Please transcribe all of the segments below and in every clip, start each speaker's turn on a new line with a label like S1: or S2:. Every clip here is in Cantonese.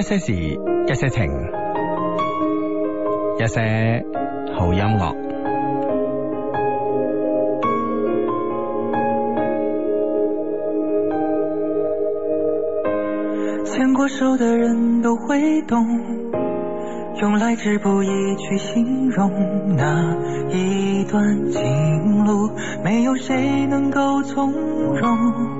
S1: 一些事，一些情，
S2: 一些好音樂。牽過手的人都會懂，用來之不易去形容那一段情路，沒有誰能夠從容。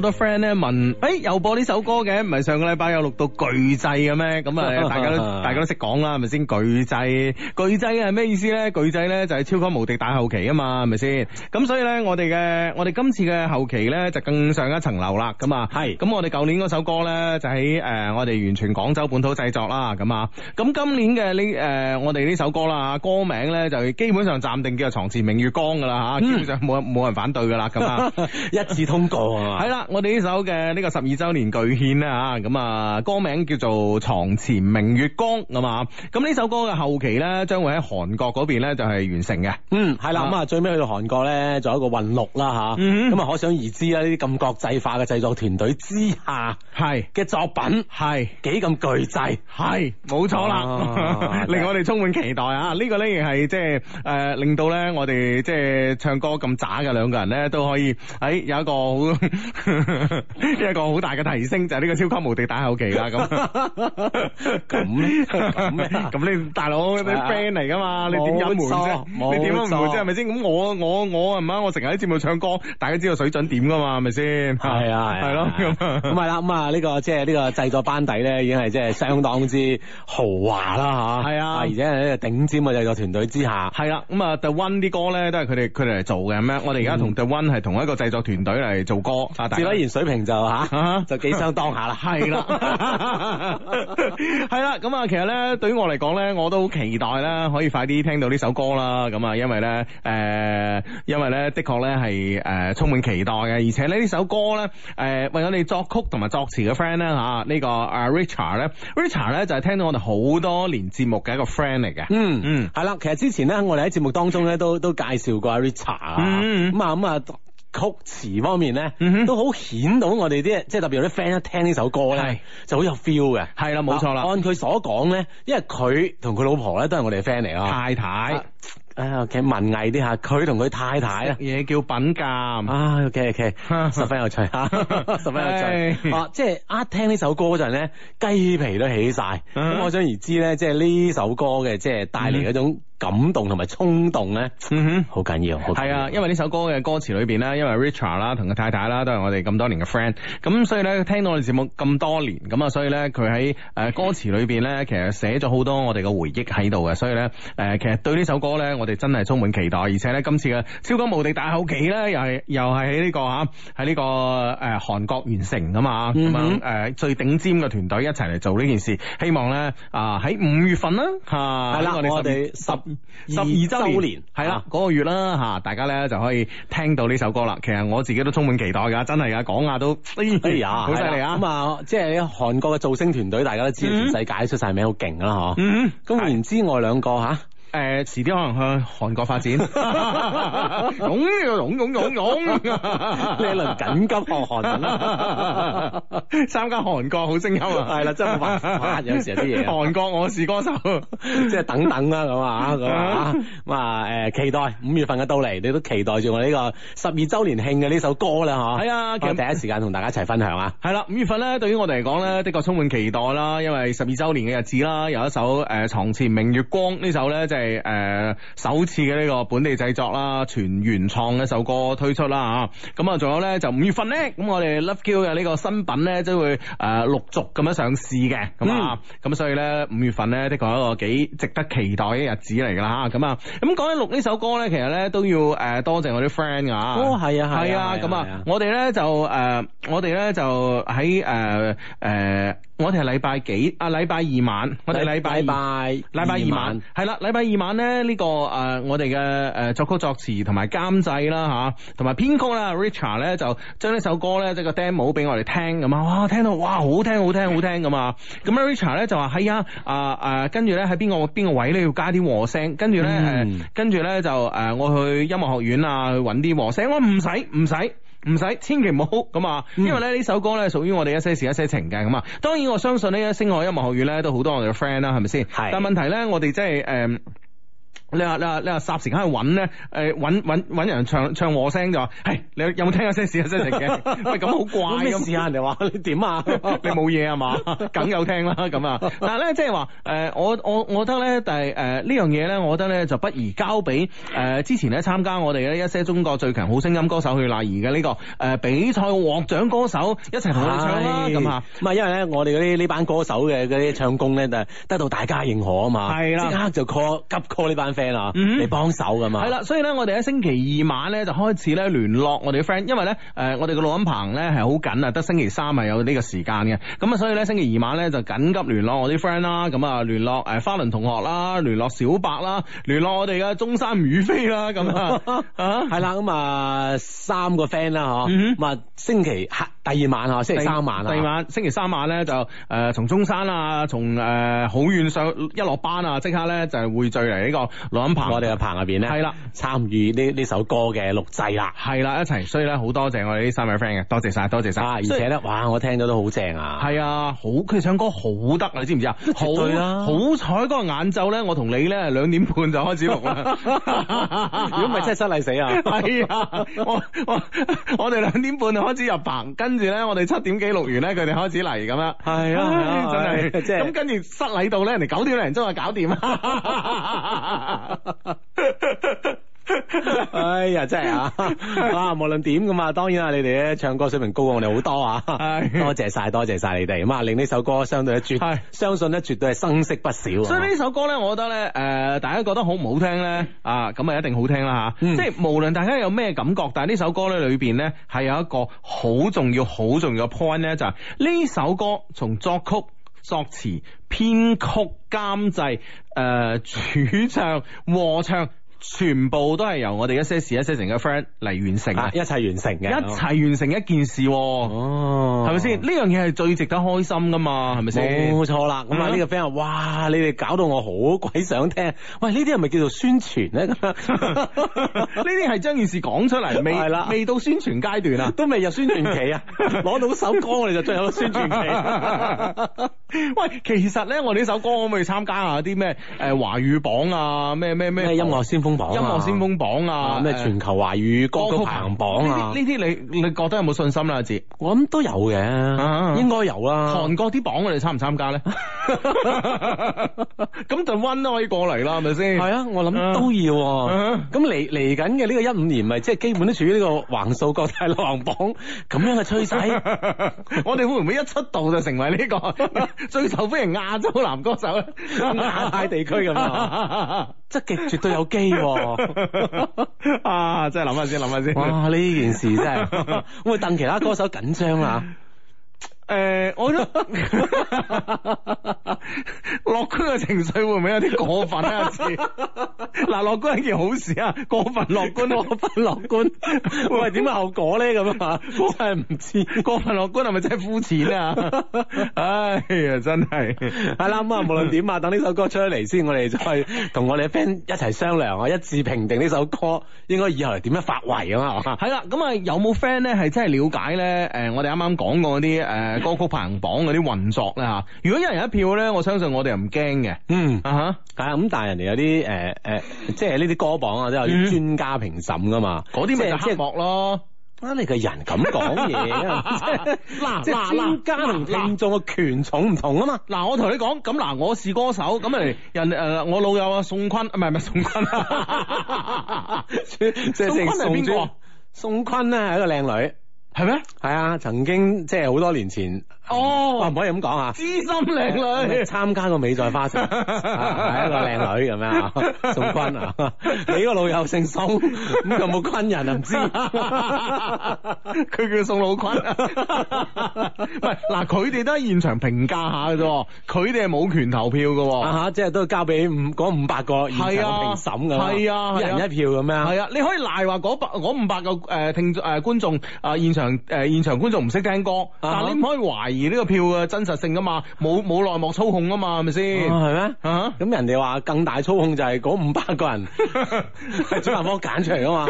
S1: 好多 friend 咧問，誒又播呢首歌嘅，唔係上個禮拜有錄到巨製嘅咩？咁啊，大家都 大家都識講啦，係咪先？巨製巨製係咩意思咧？巨製咧就係超級無敵大後期啊嘛，係咪先？咁所以咧，我哋嘅我哋今次嘅後期咧就更上一層樓啦，咁啊，係。咁我哋舊年嗰首歌咧就喺誒、呃、我哋完全廣州本土製作啦，咁啊，咁今年嘅呢誒我哋呢首歌啦，歌名咧就基本上暫定叫做床前明月光噶啦，嚇、嗯，基本上冇冇人反對噶啦，咁啊， 一致通過啊，係啦。 我哋呢首嘅呢個十二周年巨獻啦啊，咁啊歌名叫做床前明月光，係嘛？咁呢首歌嘅後期咧，將會喺韓國嗰邊咧就係完成嘅。嗯，係啦。咁啊最尾去到韓國咧，仲有一個混錄啦吓。咁啊、嗯、可想而知啦，呢啲咁國際化嘅製作團隊之下，係嘅作品係幾咁巨製，係冇是是錯啦，啊、 令我哋充滿期待啊！呢、這個咧亦係即係誒，令到咧我哋即係唱歌咁渣嘅兩個人咧，都可以喺、哎、有一個好。 一個好大嘅提升就係呢個超級無敵大後期啦，咁咁咁咧，大佬啲 friend 嚟噶嘛，你點隱瞞啫？你點唔瞞啫？係咪先？咁我我我唔啱，我成日喺節目唱歌，大家知道水準點噶嘛？係咪先？係啊，係咯，咁咁係啦，咁啊呢個即係呢個製作班底咧，已經係即係相當之豪華啦吓，係啊，而且喺度頂尖嘅製作團隊之下，係啦，咁啊 The One 啲歌咧都係佢哋佢哋嚟做嘅咩？我哋而家同 The One 係同一個製作團隊嚟做歌試得水平就嚇，啊、 就幾相當下啦，係啦，係啦。咁啊，其實咧，對於我嚟講咧，我都好期待啦，可以快啲聽到呢首歌啦。咁啊，因為咧，誒、呃，因為咧，的確咧係誒充滿期待嘅。而且呢，呢首歌咧，誒、呃，為我哋作曲同埋作詞嘅 friend 咧嚇，呢、啊這個啊 Richard 咧，Richard 咧就係聽到我哋好多年節目嘅一個 friend 嚟嘅。嗯嗯，係啦、嗯。其實之前咧，我哋喺節目當中咧都都介紹過 Richard 嗯，嗯。咁啊咁啊。嗯曲詞方面咧，嗯、哼都好顯到我哋啲，即係特別有啲 friend 一聽呢首歌咧，是就好有 feel 嘅。係啦，冇錯啦。按佢所講咧，因為佢同佢老婆咧都係我哋嘅 friend 嚟，太太，誒、啊，其實文藝啲吓，佢同佢太太嘢，叫品鑒啊，OK OK，十分有趣吓， 十分有趣。 是啊，即係一聽呢首歌嗰陣咧，雞皮都起晒。咁可想而知咧， 即係呢首歌嘅，即係帶嚟嗰種。感動同埋衝動咧，嗯哼，好緊要，係啊，因為呢首歌嘅歌詞裏邊咧，因為 Richa 啦，同佢太太啦，都係我哋咁多年嘅 friend，咁所以咧，聽到我哋節目咁多年，咁啊，所以咧，佢喺誒歌詞裏邊咧，其實寫咗好多我哋嘅回憶喺度嘅，所以咧，誒，其實對呢首歌咧，我哋真係充滿期待，而且咧，今次嘅《超級無敵大口技》咧，又係又係喺呢個吓，喺呢個誒韓國完成噶嘛，咁啊、嗯哼，誒最頂尖嘅團隊一齊嚟做呢件事，希望咧啊喺五月份啦，吓的，係啦，我哋我哋十十二周年係啦，嗰的 個月啦吓，大家咧就可以聽到呢首歌啦。其實我自己都充滿期待噶，真係噶，講下都哎呀，好犀利啊！咁啊的、嗯，即係韓國嘅造星團隊，大家都知，全世界都出晒名，好勁噶啦嗬。咁然之外兩個吓。誒，遲啲、呃、可能去韓國發展，湧湧湧湧呢一輪緊急學韓文啦， 參加韓國好聲音啊，係 啦， 真係發發，有時啲嘢，韓 國我是歌手， 即係等等啦咁啊，咁啊，咁啊，誒、啊啊，期待五月份嘅到嚟。你都期待住我呢個十二周年慶嘅呢首歌啦，嗬，係啊，啊其我第一時間同大家一齊分享啊，係啦，五月份咧，對於我哋嚟講咧，的確充滿期待啦，因為十二周年嘅日子啦，有一首誒、呃、床前明月光首呢首咧，就係、是。係誒，嗯、首次嘅呢個本地製作啦，全原創嘅一首歌推出啦啊！咁啊，仲有咧就五月份咧，咁我哋 Love Q 嘅呢個新品咧，即會誒陸續咁樣上市嘅，咁、嗯、啊，咁、嗯、所以咧五月份咧，的確係一個幾值得期待嘅日子嚟噶啦吓。咁啊，咁講起錄呢首歌咧，其實咧都要誒多謝我啲 friend 噶，哦係啊係啊，咁啊，我哋咧就誒、呃，我哋咧就喺誒誒。呃呃我哋係禮拜幾啊？禮拜二晚，我哋禮拜拜禮拜二晚係啦。禮拜二晚咧，晚呢、呢個誒、呃，我哋嘅誒作曲作詞同埋監製啦吓，同埋編曲啦。Richard 咧就將呢首歌咧即係個 demo 俾我哋聽，咁啊哇，聽到哇，好聽好聽好聽咁啊。咁 Richard 咧就話係啊，啊誒，跟住咧喺邊個邊個位咧要加啲和聲，跟住咧誒，跟住咧就誒，我去音樂學院啊，去搵啲和聲，我唔使唔使。唔使，千祈唔好喊咁啊！因為咧呢首歌咧屬於我哋一些事一些情嘅咁啊。當然我相信咧星海音樂學院咧都好多我哋嘅 friend 啦，係咪先？是的 但問題咧，我哋即係誒。嗯你話你話你話霎時喺度揾咧，誒揾揾揾人唱唱和聲就話係，你有冇聽嗰些 試下聲嘅。」喂咁好怪咁。咩事人哋話你點啊？你冇嘢啊嘛？梗 有聽啦咁啊！但係咧，即係話誒，我我我覺得咧，但係誒呢樣嘢咧，我覺得咧、呃、就不如交俾誒、呃、之前咧參加我哋嘅一些中國最強好聲音歌手去那兒嘅呢個誒、呃、比賽獲獎歌手一齊合唱啦咁啊！咁啊唉因為咧我哋嗰啲呢班歌手嘅嗰啲唱功咧，就係得到大家認可啊嘛，即刻了就 call 急 call 呢班 friend 啊嚟幫手噶嘛，係啦，所以咧，我哋喺星期二晚咧就開始咧聯絡我哋嘅 friend，因為咧，誒，我哋嘅錄音棚咧係好緊啊，得星期三係有呢個時間嘅，咁啊，所以咧星期二晚咧就緊急聯絡我啲 friend 啦，咁啊，聯絡誒花輪同學啦，聯絡小白啦，聯絡我哋嘅中山雨飛啦，咁啊，係啦，咁啊三個 friend 啦，嗬、mm，咁、hmm. 啊星期。第二晚啊，星期三晚。第二晚，星期三晚咧就誒，從中山啊，從誒好遠上一落班啊，即刻咧就匯聚嚟呢個錄音棚，我哋嘅棚入邊咧，係啦，參與呢呢首歌嘅錄製啦。係啦，一齊，所以咧好多謝我哋呢三位 friend 嘅，多謝晒，多謝晒。而且咧，哇，我聽咗都好正啊。係啊，好，佢唱歌好得你知唔知啊？絕對好彩嗰個晏晝咧，我同你咧兩點半就開始錄啦。如果唔係真係失禮死啊！係啊，
S3: 我
S1: 我我哋兩點半就開始入棚跟。跟住咧，我哋七點幾錄完咧，佢哋開始嚟咁樣。係啊，哎、啊真係咁跟住失禮到咧，人哋九點零鍾就搞掂啦。 哎呀，真係啊！啊，無論點噶嘛，當然啦，你哋咧唱歌水平高過我哋好多啊！多謝晒，多謝晒你哋，咁啊令呢首歌相對一絕，是相信咧絕對係生色不少。所以呢首歌咧，我覺得咧，誒、呃，大家覺得好唔好聽咧？啊，咁啊一定好聽啦吓！啊嗯、即係無論大家有咩感覺，但係呢首歌咧裏邊咧係有一個好重要、好重要嘅 point 咧，就係呢首歌從作曲、作詞、編曲、監製、誒、呃、主唱、和唱。全部都係由我哋一些事一些情嘅 friend 嚟完成，一齊完成嘅，一齊完成一件事。哦，係咪先？呢樣嘢係最值得開心噶嘛？係咪先？冇錯啦。咁啊呢個 friend 啊，哇！你哋搞到我好鬼想聽。喂，呢啲係咪叫做宣傳咧？呢啲係將件事講出嚟，未係啦，未到宣傳階段啊，都未入宣傳期啊。攞到首歌我哋就進入宣傳期。喂，其實咧，我哋呢首歌可唔可以參加下啲咩誒華語榜啊？咩咩咩音樂先鋒？音樂先鋒榜啊，咩全球華語歌曲排行榜啊，呢啲你你覺得有冇信心啦？阿志，我諗都有嘅，應該有啊。韓國啲榜我哋參唔參加咧？咁，台灣都可以過嚟啦，係咪先？係啊，我諗都要。咁嚟嚟緊嘅呢個一五年咪即係基本都處於呢個橫掃各大流行榜咁樣嘅趨勢。我哋會唔會一出道就成為呢個最受歡迎亞洲男歌手咧？亞太地區咁啊，即係絕對有機。哇 啊，真係諗下先，諗下先。哇，呢件事真係， 會，戥其他歌手緊張啊。誒，uh, 我諗樂觀嘅情緒會唔會有啲過分啊？嗱，樂觀係件好事啊，過分樂觀， 過分樂觀會係點嘅後果咧？咁 啊，真係唔知過分樂觀係咪真係膚淺啊？唉呀，真係係啦，咁 啊、 嗯，無論點啊，等呢首歌出嚟先，我哋再同我哋嘅 friend 一齊商量啊，一致評定呢首歌應該以後係點樣發圍啊嘛？係、嗯、啦，咁啊， 有冇 friend 咧係真係了解咧？誒，我哋啱啱講過啲誒。呃歌曲排行榜嗰啲運作咧嚇，如果一人一票咧，我相信我哋又唔驚嘅。嗯啊哈，咁、uh huh, 但係人哋有啲誒誒，即係呢啲歌榜、嗯、啊，都有啲專家評審噶嘛。嗰啲咩即係博咯？啊你個人咁講嘢，嗱
S3: 即係專
S1: 家同聽眾嘅權重唔同啊嘛。嗱我同你講，咁嗱我是歌手咁嚟人誒，我老友啊宋坤，唔係唔係宋坤，宋坤係邊個？宋坤啊，係一個靚女。係咩？係啊，曾經即係好多年前。哦，唔可以咁講啊！知
S2: 心靚女
S1: 參加個美在花城，係一個靚女咁樣啊！宋坤啊，你個老友姓宋，咁有冇坤人啊？唔知，
S3: 佢叫宋老坤。
S1: 喂，嗱，佢哋都係現場評價下嘅啫，佢哋係冇權投票嘅，嚇，即係都交俾五五百個現場評審咁，係啊，一人一票咁樣。係啊，你可以賴話嗰百五百個誒聽誒觀眾啊現場誒現場觀眾唔識聽歌，但你唔可以懷疑。而呢個票嘅真實性噶嘛，冇冇內幕操控噶嘛，係咪先？係咩、哦？咁、啊、人哋話更大操控就係嗰五百個人主辦 方揀出嚟噶嘛？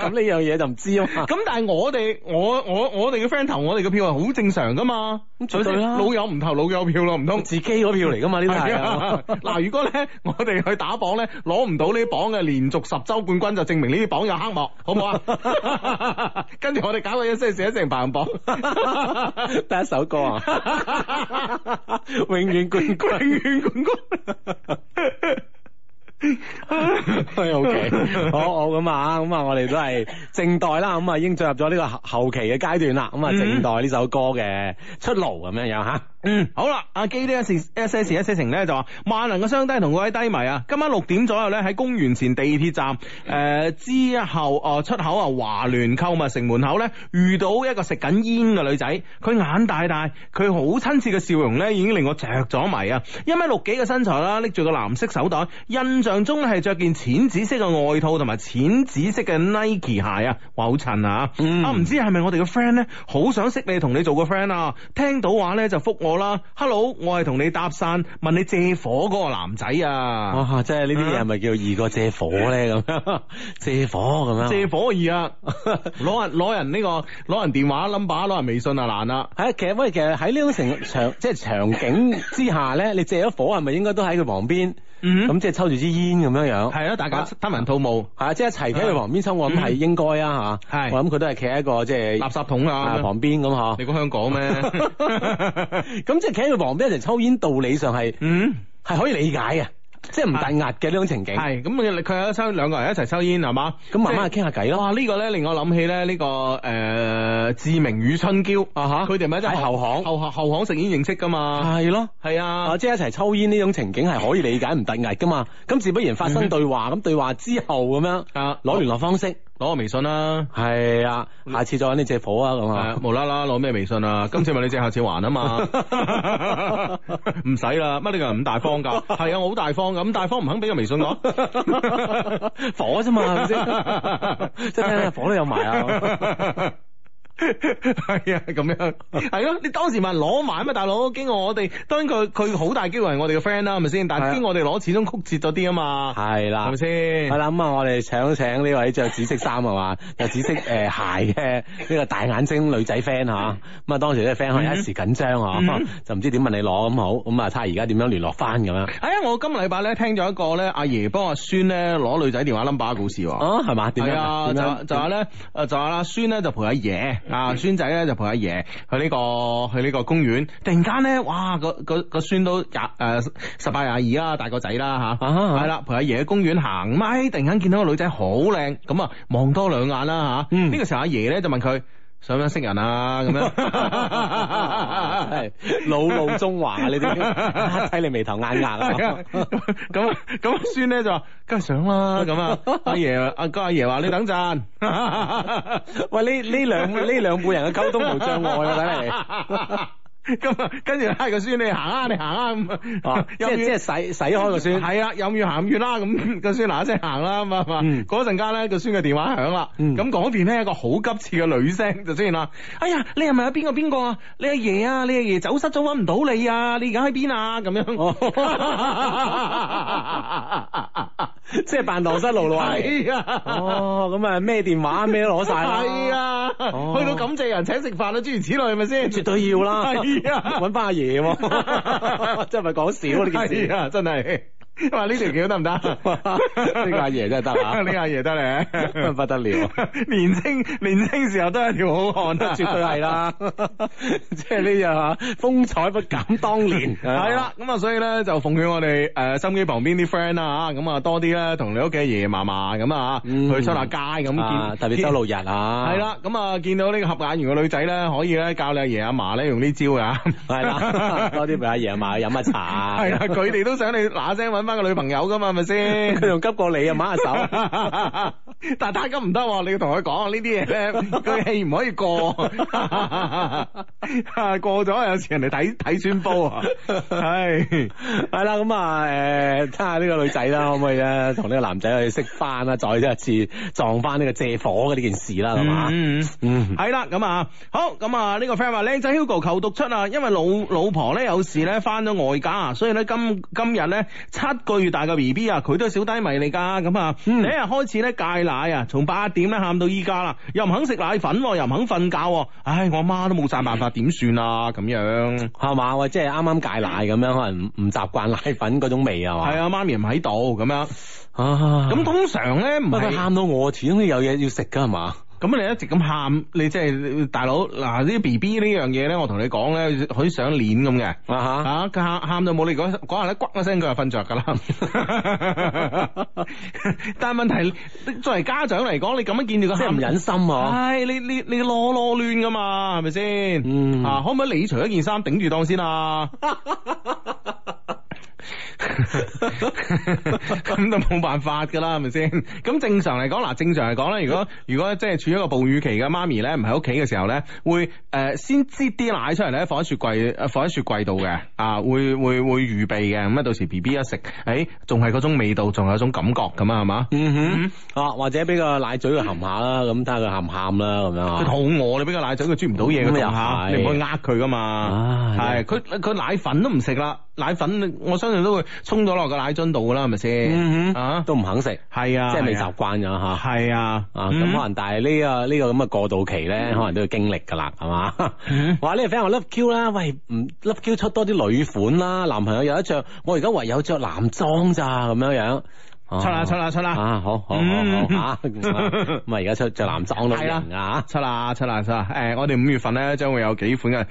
S1: 咁呢 樣嘢就唔知啊。咁但係我哋我我我哋嘅 friend 投我哋嘅票係好正常噶嘛？咁老友唔投老友票咯，唔通自己嗰票嚟噶嘛？呢排嗱，如果咧我哋去打榜咧，攞唔到呢榜嘅連續十周冠軍，就證明呢啲榜有黑幕，好唔好啊？ 跟住我哋搞個一些事一些情排行榜。一首歌啊， 永遠冠軍， 永遠冠軍。OK，好好咁啊，咁啊，我哋都係靜待啦，咁啊，已經進入咗呢個後期嘅階段啦，咁啊，靜待呢首歌嘅出爐咁樣，樣吓。嗯，好啦，阿基一一呢一些事一些情咧就話萬能嘅雙低同各位低迷啊！今晚六點左右咧喺公園前地鐵站誒、呃、之後哦、呃、出口啊華聯購物城門口咧遇到一個食緊煙嘅女仔，佢眼大大，佢好親切嘅笑容咧已經令我着咗迷啊！一米六幾嘅身材啦，拎住個藍色手袋，印象中係着件淺紫色嘅外套同埋淺紫色嘅 Nike 鞋啊，哇好襯啊！唔知係咪我哋嘅 friend 咧，好想識你同你做個 friend 啊？聽到話咧就覆我。啦，Hello，我係同你搭訕，問你借火嗰個男仔啊，哇、哦，即係呢啲嘢咪叫易過借火咧咁 借火咁樣，借火易啊，攞 人攞人呢個，攞人電話 number，攞人微信啊難啦，係，其實喂，其實喺呢種情場即係場景之下咧，你借咗火係咪應該都喺佢旁邊？咁即係抽住支煙咁樣樣，係啊，大家攤埋人吐霧，係啊，即係一齊企喺佢旁邊抽，我諗係應該啊吓，係，我諗佢都係企喺一個即係垃圾桶啊旁邊咁吓，你估香港咩？咁即係企喺佢旁邊一齊抽煙，道理上係，嗯，係可以理解嘅。即係唔大壓嘅呢是種情景，係咁，佢佢喺抽，兩個人一齊抽煙係嘛，咁慢慢又傾下偈咯。聊聊哇，呢、這個咧令我諗起咧呢、這個誒志明與春嬌啊吓，佢哋咪喺後巷後後巷食煙認識噶嘛，係咯係啊，啊即係一齊抽煙呢種情景係可以理解，唔大壓噶嘛，咁自不然發生對話，咁 對話之後咁樣攞聯 絡方式。攞個微信啦、啊，係啊，下次再搵你借火啊，咁啊的，無啦啦攞咩微信啊？ 今次問你借，下次還啊嘛，
S3: 唔
S1: 使啦，乜你又咁大方噶？係啊， 我好大方噶，咁大方唔肯俾個微信我， 火啫嘛，係咪先？即係火都有埋啊。 係啊，咁樣係咯。你當時咪攞埋咩？大佬，經過我哋，當然佢佢好大機會係我哋嘅 friend 啦，係咪先？但係經過我哋攞，始終曲折咗啲啊嘛。係啦，係咪先？係啦，咁啊，我哋請請呢位着紫色衫啊嘛，着紫色誒鞋嘅呢個大眼睛女仔 friend 啊。咁啊，當時呢個 friend 可能一時緊張啊，就唔知點問你攞咁好。咁啊，睇下而家點樣聯絡翻咁樣。哎呀，我今個禮拜咧聽咗一個咧阿爺幫阿孫咧攞女仔電話 number 嘅故事。哦，係嘛？點樣？係啊，就就係咧，就係阿孫咧就陪阿爺。啊，孫仔咧就陪阿爺去呢、呢個去呢個公園，突然間咧，哇，個個個孫都廿誒、呃、十八廿二啦，大個仔啦吓，係、啊、啦、啊啊，陪阿爺喺公園行，咪？突然間見到個女仔好靚，咁啊望多兩眼啦嚇，呢、啊嗯、個時候阿爺咧就問佢。想唔想識人啊？咁樣
S3: 係老老中
S1: 華啊！你哋睇你眉頭眼硬、 嗯嗯嗯嗯啊。啊！
S3: 咁咁阿
S1: 孫咧就話梗係想啦咁啊，爺！阿爺阿哥阿爺話你等陣， 喂呢呢兩呢兩輩人嘅溝通無障礙啊！睇嚟。 咁啊， 跟住拉個孫你行啊，你行啊咁啊， 即係即係使使開個孫，係 啊，任遠行遠啦咁， 個孫嗱一聲行啦咁啊，嗰陣間咧個孫嘅電話響啦，咁嗰邊咧一個好急切嘅女聲就出現啦，嗯、哎呀，你係咪有邊個邊個啊？你阿、啊、爺啊？你阿、啊、爺走失咗，揾唔到你啊？你而家喺邊啊？咁樣。 即係辦落失路咯，哦、 啊，咁啊咩電話咩攞晒，係啊，oh, 去到感謝人請食飯啦，諸如此類，係咪先？是是絕對要啦，係啊，搵翻， 阿爺喎， 真係講少呢件事啊，真係。話呢條橋得唔得？呢個阿爺真係得啊，呢個阿爺得咧，不得
S3: 了！年輕
S1: 年輕時候都係條好漢，絕對係啦。即係呢樣啊，風采不減當年。係啦，咁啊，所以咧就奉勸我哋誒，心機旁邊啲 friend 啊，咁啊多啲咧同你屋企爺爺嫲嫲咁啊去出下街咁，特別周六日啊。係啦，咁啊見到呢個合眼緣嘅女仔咧，可以咧教你阿爺阿嫲咧用呢招噶。係啦，多啲俾阿爺阿嫲去飲下茶。係啦，佢哋都想你嗱聲搵。搵個女朋友㗎嘛係咪先？佢仲 急過你啊，抹下手。 但係太急唔得，你要同佢講呢啲嘢咧，佢氣唔可以過。過咗有時人哋睇睇穿煲啊。係係啦，咁啊誒，睇下呢個女仔啦，可唔可以咧同呢個男仔去識翻啦，再一次撞翻呢個借火嘅呢件事啦，係嘛？嗯嗯嗯。係啦， 咁啊好，咁啊呢個 friend 話靚仔 Hugo 求讀出啊，因為老老婆咧有時咧翻咗外家，所以咧今今，今日咧一個月大嘅 B B 啊，佢都係小低迷嚟噶，咁、嗯、啊，第一日開始咧戒奶啊，從八點咧喊到依家啦，又唔肯食奶粉、啊，又唔肯瞓覺、啊，唉、哎，我媽都冇晒辦法，點算、嗯、啊？咁樣係嘛，即係啱啱戒奶咁樣，可能唔習慣奶粉嗰種味啊嘛。係啊，媽、啊、咪唔喺度，咁樣，咁、啊、通常咧唔係喊到我始終，始終都有嘢要食噶係嘛。咁你一直咁喊，你即係大佬嗱，呢啲 B B 呢樣嘢咧，我同你講咧，好似上鏈咁嘅。啊吓，吓喊到冇，你講講下咧，嗰、啊啊啊、一聲佢就瞓着噶啦。 但係問題，作為家長嚟講，你咁樣見住佢唔忍心啊？係、哎，你你你囉囉攣噶嘛，係咪先？嗯、啊，可唔可以你除一件衫頂住當先啊？ 咁都冇辦法噶啦，係咪先？咁正常嚟講，嗱，正常嚟講咧，如果如果即係處於一個哺乳期嘅媽咪咧，唔喺屋企嘅時候咧，會誒先擠啲奶出嚟咧，放喺雪櫃，放喺雪櫃度嘅啊，會會會預備嘅。咁啊，到時 B B 一食，誒，仲係嗰種味道，仲有種感覺咁啊，係嘛？嗯哼，啊，或者俾個奶嘴佢含下啦，咁睇下佢含唔含啦，咁樣。佢肚餓，你俾個奶嘴佢啜唔到嘢嘅時候，你唔可以呃佢噶嘛？係，佢佢奶粉都唔食啦。奶粉我相信都會沖咗落個奶樽度噶啦，係咪先？嗯哼，啊，都唔肯食，係啊，即係未習慣咗。吓。係啊，啊咁可能，嗯、但係、呢個、呢個呢、呢個咁嘅過渡期咧，可能都要經歷噶啦，係嘛？話呢個 friend 話 love Q 啦，喂唔 love Q 出多啲女款啦，男朋友有一着，我而家唯有着男裝咋咁樣樣。出啦出啦出啦啊！好好好好啊！咁啊，而家出着男裝都成啊！出啦出啦出啦！誒，我哋五月份咧，將會有幾款嘅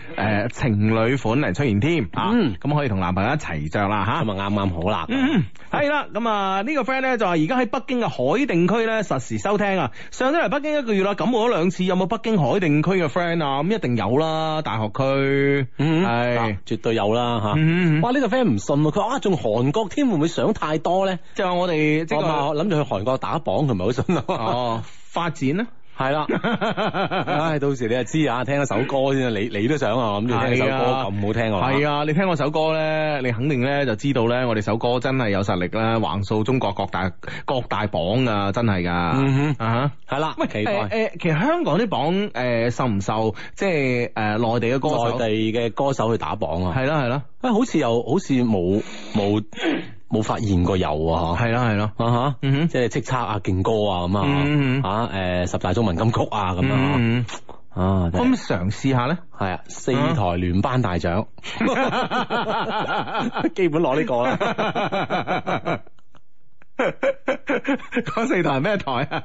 S1: 誒情侶款嚟出現添啊！咁可以同男朋友一齊着啦吓，咁啊啱啱好啦！嗯，係啦，咁啊呢個 friend 咧就係而家喺北京嘅海淀區咧實時收聽啊！上咗嚟北京一個月啦，感冒咗兩次，有冇北京海淀區嘅 friend 啊？咁一定有啦，大學區，係絕對有啦吓！哇，呢個 friend 唔信，佢啊仲韓國添，會唔會想太多咧？就話我哋。我咪諗住去韓國打榜，佢唔係好信咯。哦，發展咧，係啦。唉，到時你就知啊，聽一首歌先，你你都想啊，我諗住聽首歌咁好聽啊。係啊，你聽我首歌咧，你肯定咧就知道咧，我哋首歌真係有實力啦，橫掃中國各大各大榜噶，真係噶。嗯哼，啊哈，係啦。咁咪期待誒，其實香港啲榜誒受唔受，即係誒內地嘅歌手，內地嘅歌手去打榜啊？係啦係啦，誒，好似又好似冇冇。冇發現過有啊，係咯係咯，吓、啊，嗯哼、啊，即係叱咤啊，勁歌啊咁啊，吓、嗯嗯啊，誒，十大中文金曲啊咁啊，啊，咁嘗試下咧，係啊，四台聯頒大獎， 基本攞呢個啦，講 四台咩台啊？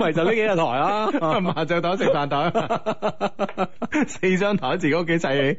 S1: 咪就呢幾個台啊？麻 雀 嘛台、食飯台，四張台自己屋企砌起。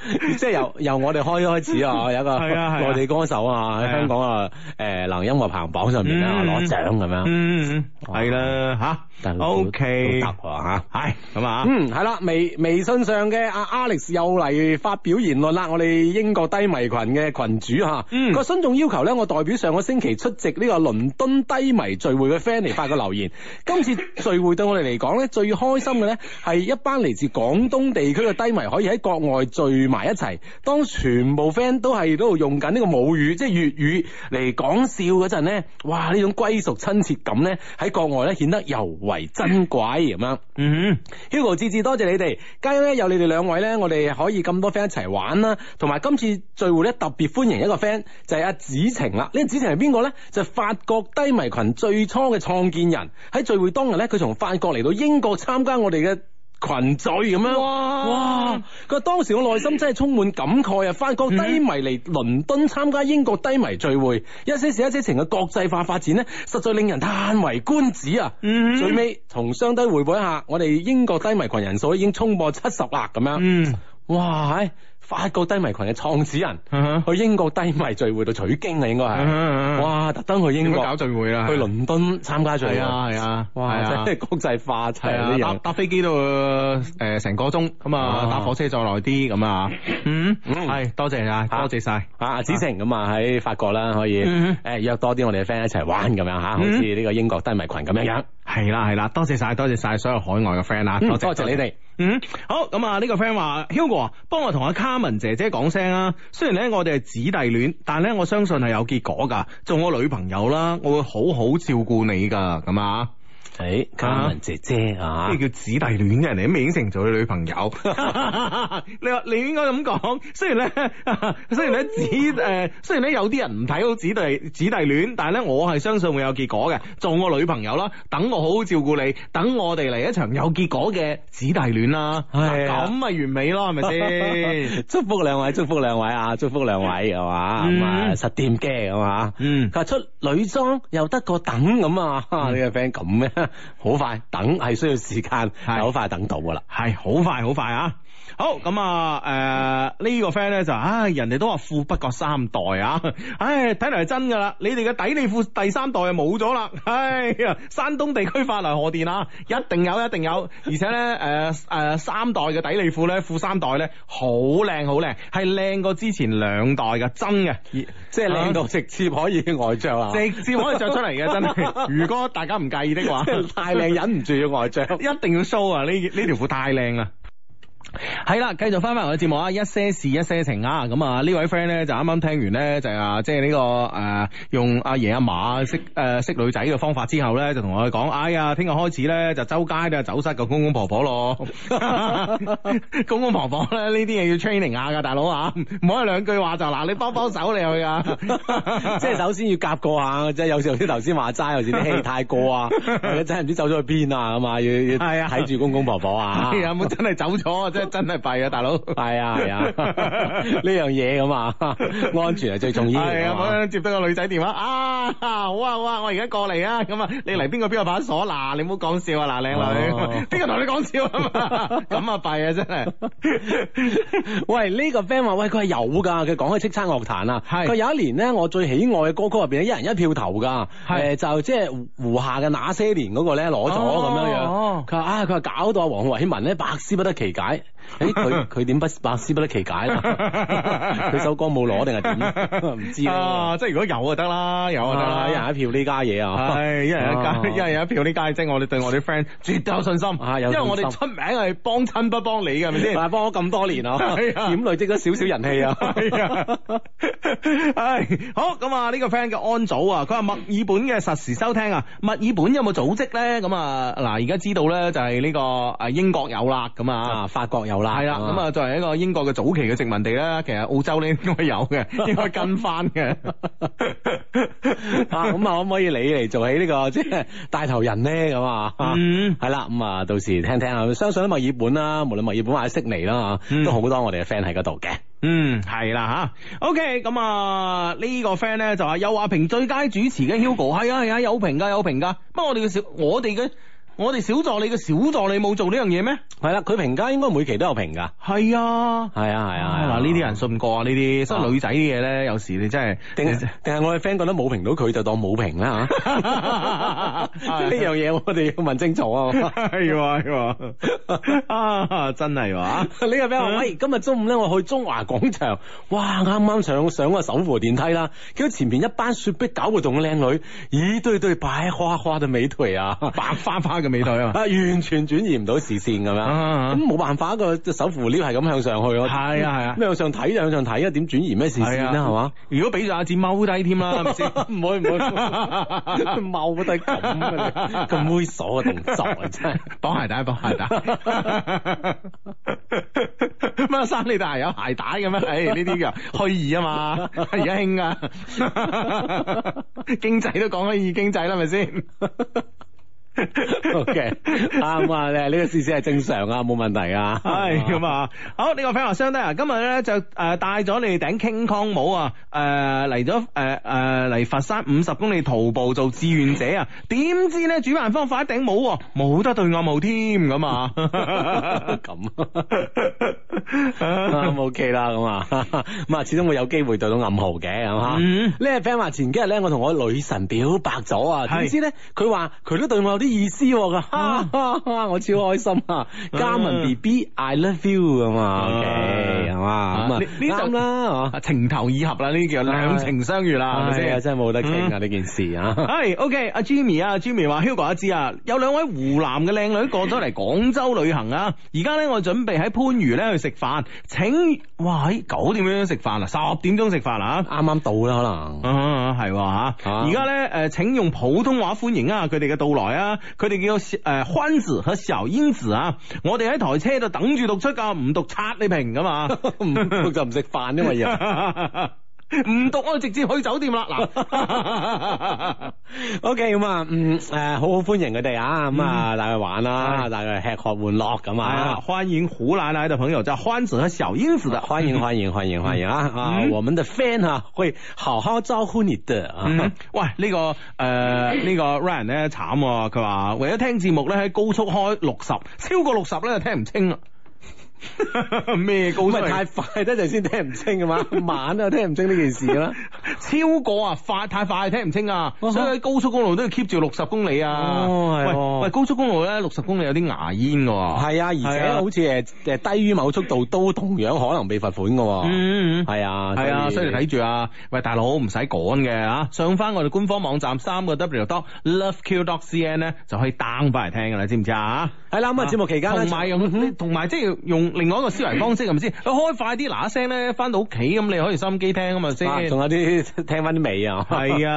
S1: 即係由由我哋開開始啊，有一個內地歌手啊喺香港啊，誒，流行音樂排行榜上面啊攞獎咁樣，嗯，係啦吓，O K，得吓，係咁啊，嗯，係啦，微微信上嘅阿 Alex 又嚟發表言論啦，我哋英國低迷群嘅群主吓，個信眾要求咧，我代表上個星期出席呢個倫敦低迷聚會嘅 friend 嚟發個留言，今次聚會對我哋嚟講咧最開心嘅咧係一班嚟自廣東地區嘅低迷可以喺國外聚埋一齊，當全部 friend 都係都度用緊呢個母語，即係粵語嚟講笑嗰陣呢。哇！呢種歸屬親切感呢，喺國外呢顯得尤為珍貴咁樣。嗯 ，Hugo 志志多謝你哋，加油！咧有你哋兩位呢，我哋可以咁多 friend 一齊玩啦。同埋今次聚會呢，特別歡迎一個 friend，就係阿紫晴啦。呢個紫晴係邊個呢？就係、法國低迷群最初嘅創建人。喺聚會當日呢，佢從法國嚟到英國參加我哋嘅。群聚咁樣，哇！佢話當時我內心真係充滿感慨啊，發覺低迷嚟倫敦參加英國低迷聚會，嗯、哼一些事一些情嘅國際化發展呢，實在令人嘆為觀止啊！嗯、哼最尾同雙低匯報一下，我哋英國低迷群人數已經衝破七十啦，咁樣，嗯，哇！法國低迷群嘅創始人去英國低迷聚會度取經啊，應該係，哇，特登去英國搞聚會啊，去倫敦參加聚會，係啊，哇，真係國際化齊，搭搭飛機都誒成個鐘，咁啊，搭火車再耐啲，咁啊，嗯，係，多謝啊，多謝晒，阿子晴咁啊喺法國啦，可以誒約多啲我哋嘅 friend 一齊玩咁樣吓，好似呢個英國低迷群咁樣樣。係啦係啦，多謝晒，多謝晒所有海外嘅 friend 啊，嗯、多謝,多謝你哋們。嗯，好，咁啊呢個 friend 話，Hugo，幫我同阿卡文姐姐講聲啊。雖然咧我哋係姊弟戀，但咧我相信係有結果噶。做我女朋友啦，我會好好照顧你噶，咁啊。誒，嘉雯、欸、姐姐啊，呢、啊、叫姊弟戀嘅、啊、人哋，都未應承做佢女朋友。 你話你應該咁講，雖然咧，雖然咧姊誒，雖然咧有啲人唔睇好姊弟姊弟戀，但係咧我係相信會有結果嘅，做我女朋友啦，等我好好照顧你，等我哋嚟一場有結果嘅姊弟戀啦、啊。咁咪呀、啊、完美咯，係咪先？ 祝福兩位，祝福兩位啊，祝福兩位係嘛，實掂， 驚啊嘛，嗯，出女裝又得個等咁啊，你個 friend 咁咩？啊啊好 快，等係需要時間，係好是快等到噶啦，係好快，好快啊！好咁啊！誒、呃，這個、呢個 friend 咧就，唉、哎，人哋都話富不過三代啊，唉、哎，睇嚟係真噶啦。你哋嘅底呢褲第三代就冇咗啦，唉、哎、呀！山東地區發來賀電啊，一定有，一定有。而且咧，誒、呃、誒、呃，三代嘅底褲呢褲咧，富三代咧，好靚，好靚，係靚過之前兩代噶，真嘅，即係靚到直接可以外着啊，啊，直接可以着出嚟嘅，真係。 如果大家唔介意的話，太靚，忍唔住要外着， 一定要 show 啊！呢呢條褲太靚啦。係啦，繼續翻翻我嘅節目啊，一些事一些情啊，咁啊呢位 friend 咧就啱啱聽完咧就是、啊，即係呢個誒、啊、用阿爺阿嫲識誒識女仔嘅方法之後咧，就同我哋講，哎呀，聽日開始咧就周街都係走失個公公婆婆咯， 公公婆婆咧呢啲嘢，要 training 下、啊、噶，大佬啊，唔可以兩句話就嗱你幫幫手你去啊， 即係首先要夾過下，即係有時候啲頭先話齋有時啲氣太過啊，真唔知走咗去邊啊，咁啊要要睇住公公婆婆啊，係啊，真係走咗。真真係弊啊，大佬係啊係啊，呢樣嘢咁啊，安全係最重要。係啊，接到個女仔電話啊，好啊好啊，我而家過嚟啊，咁啊，你嚟邊個邊個把鎖嗱？你唔好講笑啊嗱，靚女，邊個同你講笑啊嘛？咁啊弊啊真係。喂，呢個 friend 話喂佢係有㗎，佢講開叱咤樂壇啊，佢有，是有一年咧我最喜愛嘅歌曲入邊，一人一票投㗎，誒是、呃、就即係胡夏嘅那些年嗰個咧攞咗咁樣樣。佢話、哦、 啊佢話搞到阿黃偉文咧百思不得其解。誒，佢佢點不百思不得其解啊？佢 首歌冇攞定係點？唔 知啊！即係如果有就得啦，有就得啦！一、啊、人一票呢家嘢啊，係一、哎啊、人一家，一、啊、人一票呢家，即我哋對我哋 friend 絕對有信心，啊、信心因為我哋出名係幫親不幫你嘅，係咪先？但係幫咗咁多年啊，係點、哎、呀累積咗少少人氣啊？係、哎呀 哎、好咁啊！呢個 friend 叫安祖啊，佢話墨爾本嘅實時收聽啊，墨爾本有冇組織咧？咁啊，嗱，而家知道咧就係呢個誒英國有啦，咁啊法國有。係啦，咁啊，作為一個英國嘅早期嘅殖民地啦，其實澳洲咧應該有嘅，應該跟翻嘅， 啊這個。啊，咁啊、嗯，可唔可以你嚟做起呢個即係帶頭人咧？咁啊，係啦，咁啊，到時聽聽啊，相信墨爾本啦，無論墨爾本或者悉尼啦，都好多我哋嘅 friend 喺嗰度嘅。嗯，係啦，吓、啊。OK，咁啊，這個、呢個 friend 咧就話又話評最佳主持嘅 Hugo，係啊，係啊，有評噶，有評噶，不過我哋嘅小，我哋嘅。我哋小助理嘅小助理冇做呢樣嘢咩？係啦，佢評價應該每期都有評噶。係啊，係啊，係啊。嗱，呢啲人信唔過啊？呢啲，所以女仔啲嘢咧，有時你真係……定係定係我哋 friend 覺得冇評到佢就當冇評啦吓。呢樣嘢我哋要問清楚啊！哎呀，啊，真係話呢個 friend 喂，今日中午咧我去中華廣場，哇，啱啱上上個手扶電梯啦，見到前邊一班雪碧搞活動嘅靚女，咦，對對擺花花嘅美腿啊，白花花嘅。未睇啊！完全轉移唔到視線咁、啊啊、樣，咁冇辦法啊！個隻手扶 lift 係咁向上去咯，係啊係啊，咩向上睇就向上睇啊！點轉移咩視線咧係嘛？如果俾咗阿字踎低添啦，係咪先？唔可唔可踎低咁啊！咁猥瑣嘅動作真係，綁鞋帶綁鞋帶。乜山地帶 生你大有鞋帶嘅咩？誒呢啲叫虛擬啊嘛，而家興啊！ 經濟都講緊二經濟啦，係咪先？O K. 啱啊，你呢個事試係正常啊，冇問題啊。係咁啊，好，呢個 friend 話，兄弟啊，今日咧就誒帶咗你哋頂輕抗帽啊，誒嚟咗誒誒嚟佛山五十公里徒步做志願者啊，點知咧主辦方發一頂帽冇得對暗號添咁啊？
S3: 咁啱
S1: O K 啦，咁啊咁啊，始終會有機會對到暗號嘅，係嘛？呢個 friend 話前幾日咧，我同我女神表白咗啊，點知咧佢話佢都對我有啲。意思、啊、哈哈，我超開心啊！加文 B B，I love you 咁嘛 o k 係嘛？咁、okay，啊呢陣這啦，啊、情投意合啦、啊，呢啲叫兩情相悦啦、啊，係咪先？真係冇得傾啊呢、啊、件事啊！係 OK，阿 Jimmy 啊，Jimmy 話 Hugo 阿志啊，有兩位湖南嘅靚女過咗嚟廣州旅行啊！而家咧我準備喺番禺咧去食飯，請喂，九點鐘食飯啊，十點鐘食飯啊，啱啱到啦可能啊係喎，而家咧誒請用普通話歡迎啊佢哋嘅到來啊！佢哋叫誒、呃、歡子和小胭子啊，我哋喺台車度等住讀出噶，唔讀拆你平噶嘛，唔讀就唔食飯噶嘛又。 唔讀我，直接去酒店啦。嗱 ，OK，咁啊，嗯，誒、呃，好好歡迎佢哋啊，咁啊、嗯，大家玩啦、啊，嗯、大家吃喝玩樂、啊啊、樂咁啊，歡迎湖南嘅朋友，叫歡子和小英子的，歡迎歡迎歡迎歡迎啊，啊、嗯，我們的 fan 啊，會好好招呼你嘅啊。嗯、喂，這個呃這個、呢個誒、啊、呢個 Ryan 咧慘，佢話為咗聽節目咧喺高速開六十，超過六十咧就聽唔清啦、啊。咩高速？唔係，太快得，陣先聽唔清噶嘛？慢啊，聽唔清呢件事啦。超過啊，快太快聽唔清啊。所以喺高速公路都要 keep 住六十公里啊。哦，喂，高速公路咧，六十公里有啲牙煙噶。係啊，而且好似誒誒低於某速度都同樣可能被罰款噶。嗯嗯，係啊，係啊，所以睇住啊。喂，大佬唔使趕嘅吓，上翻我哋官方網站三個 W dot love Q dot C N 咧，就可以 down 翻嚟聽噶啦，知唔知啊？吓，係啦。咁啊，節目期間咧，同埋同埋即係用。另外一個思維方式係咪先？ 開快啲嗱嗱聲咧，翻到屋企咁你可以收音機聽啊嘛先。仲有啲聽翻啲尾啊，係啊！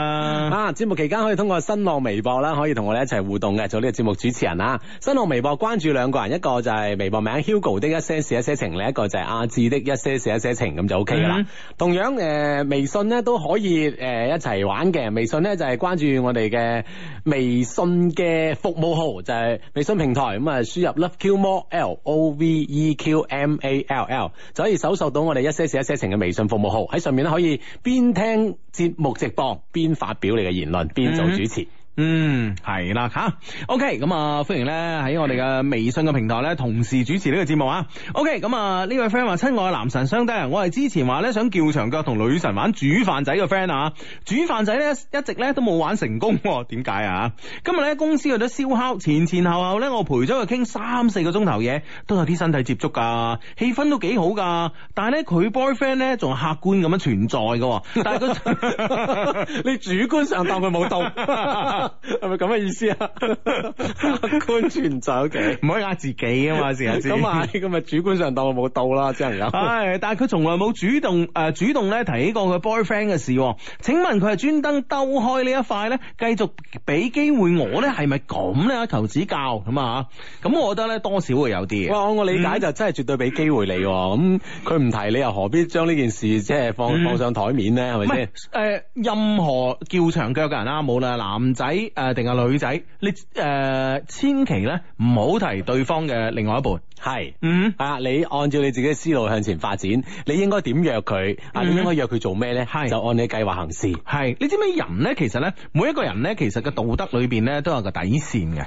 S1: 啊，節目期間可以通過新浪微博啦，可以同我哋一齊互動嘅，做呢個節目主持人啊，新浪微博關注兩個人，一個就係微博名 Hugo 的一些事一些情，另一個就係阿志的一些事一些情，咁就 O K 啦。嗯嗯同樣誒、呃、微信咧都可以誒、呃、一齊玩嘅，微信咧就係、是、關注我哋嘅微信嘅服務號，就係、是、微信平台咁啊，輸入 LoveQMoreL O V E。K, Q M A L L 就可以搜索到我哋一些事一些情嘅微信服務號，喺上面咧可以邊聽節目直播邊發表你嘅言論邊做主持。Mm hmm. 嗯，係啦吓，OK，咁啊，歡迎咧喺我哋嘅微信嘅平台咧，同時主持呢個節目啊。OK，咁啊，呢位 friend 話親愛男神雙低人，我係之前話咧想叫長腳同女神玩煮飯仔嘅 friend 啊，煮飯仔咧一直咧都冇玩成功、啊，點解啊？今日咧公司有咗燒烤，前前後後咧我陪咗佢傾三四個鐘頭嘢，都有啲身體接觸噶，氣氛都幾好噶，但係咧佢 boyfriend 咧仲客觀咁樣存在噶、啊，
S3: 但係佢你主
S1: 觀上當佢冇到。 係咪咁嘅意思啊？完 全就屋企，唔、okay？可以呃自己啊嘛，成日咁啊，咁咪 主觀上當我冇到啦，只能咁。誒、哎，但係佢從來冇主動誒、呃、主動咧提起過佢 boyfriend 嘅事。請問佢係專登兜開呢一塊咧，繼續俾機會我咧，係咪咁咧？求指教咁啊，咁我覺得咧，多少會有啲。哇，我理解就真係絕對俾機會、嗯嗯嗯、你喎。咁佢唔提，你又何必將呢件事即係、呃、放放上台面咧？係咪先？誒、嗯呃，任何叫長腳嘅人啦，無論男仔。男誒，定係、呃、女仔？你誒、呃，千祈咧唔好提對方嘅另外一半。係是，嗯，啊。你按照你自己嘅思路向前發展，你應該點約佢？嗯、啊，你應該約佢做咩咧？係是，就按你嘅計劃行事。係，你知唔知人咧？其實咧，每一個人咧，其實個道德裏邊咧，都有個底線嘅。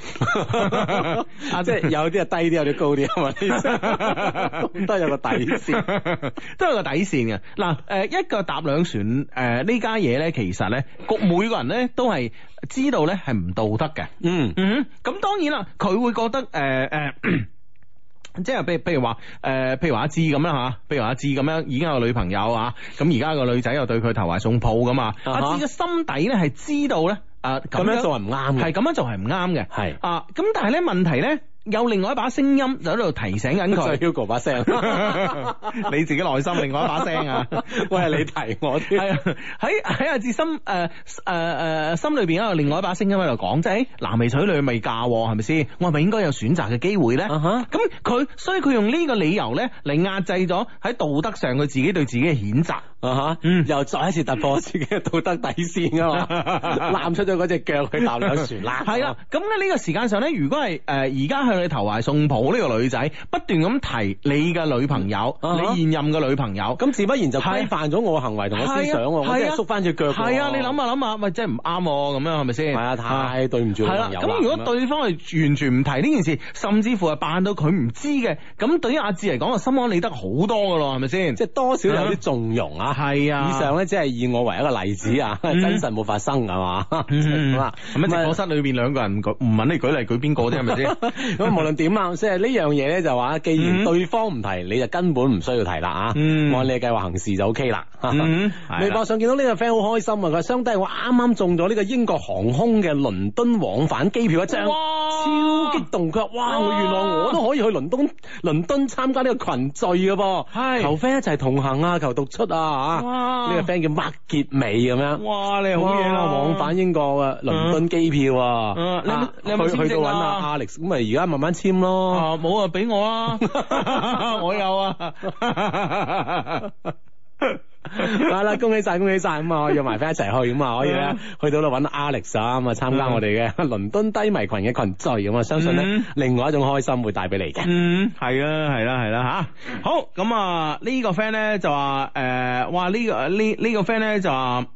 S3: 啊 即係有
S1: 啲係低啲，有啲高啲啊嘛，都 係有個底線， 都係有個底線嘅。嗱，誒，一個搭兩船，誒、呃，家呢家嘢咧，其實咧，每個人咧，都係知，度咧係唔道德嘅，嗯嗯，咁、嗯、當然啦，佢會覺得誒誒、呃呃，即係譬如譬、呃、如話誒，譬、啊、如話阿志咁啦吓，譬如阿志咁樣已經有女朋友啊，咁而家個女仔又對佢投懷送抱噶嘛，阿志嘅心底咧係知道咧，誒、啊、咁樣做係唔啱嘅，係咁樣做係唔啱嘅，係是啊，咁但係咧問題咧。有另外一把聲音就喺度提醒緊佢，把 聲樂， 你自己內心另外一把聲啊！ 喂，你提我啲喺喺阿志心誒誒誒心裏邊嗰個另外一把聲音喺度講，即係男未娶女未嫁，係咪先？我係咪應該有選擇嘅機會咧？咁佢、uh huh. 所以佢用呢個理由咧嚟壓制咗喺道德上佢自己對自己嘅譴責啊！嚇、uh，huh. 嗯、又再一次突破自己嘅道德底線啊嘛，攬 出咗嗰隻腳去搭兩船啦！係啦，咁咧呢個時間上咧，如果係誒而家係。呃現在現在你投懷送抱呢個女仔，不斷咁提你嘅女朋友，你現任嘅女朋友，咁自不然就規範咗我嘅行為同我思想喎，即係縮翻隻腳。係啊，你諗下諗下，咪真係唔啱咁樣，係咪先？係啊，太對唔住女朋友啦。咁如果對方係完全唔提呢件事，甚至乎係扮到佢唔知嘅，咁對於阿志嚟講，心安理得好多㗎喇，係咪先？即係多少有啲縱容啊。係啊，以上咧即係以我為一個例子啊，真實冇發生係嘛？好啦咁啊，咁啊，直播室裏邊兩個人唔唔問你舉例舉邊個啫，係咪先？無論點啊，即係呢樣嘢咧就話，既然對方唔提，你就根本唔需要提啦啊！按你嘅計劃行事就 OK 啦。微博上見到呢個 friend 好開心啊，佢相雙低我啱啱中咗呢個英國航空嘅倫敦往返機票一張，超激動！佢話：哇，原來我都可以去倫敦，倫敦參加呢個群聚㗎噃。求 friend 一齊同行啊，求讀出啊嚇！呢個 friend 叫麥傑美咁樣。哇，你好嘢啊！往返英國啊，倫敦機票，啊。你去到揾阿 Alex 咁啊，而家。慢慢簽咯，冇啊，俾啊我啊，
S3: 我有啊。
S1: 係啦， 恭喜晒，恭喜晒，咁啊，約埋 friend 一齊去，咁、嗯、啊，嗯、可以咧，去到度搵 Alex 啊、嗯，咁、嗯、啊，參加我哋嘅倫敦低迷群嘅群聚，咁、嗯、啊，嗯、我相信咧，另外一種開心會帶俾你嘅。嗯，係啦，係啦，係啦，吓、啊，好，咁啊，這個、呢個 friend 咧就話，誒、呃，哇，這個這個、呢個呢呢個 friend 咧就話，誒、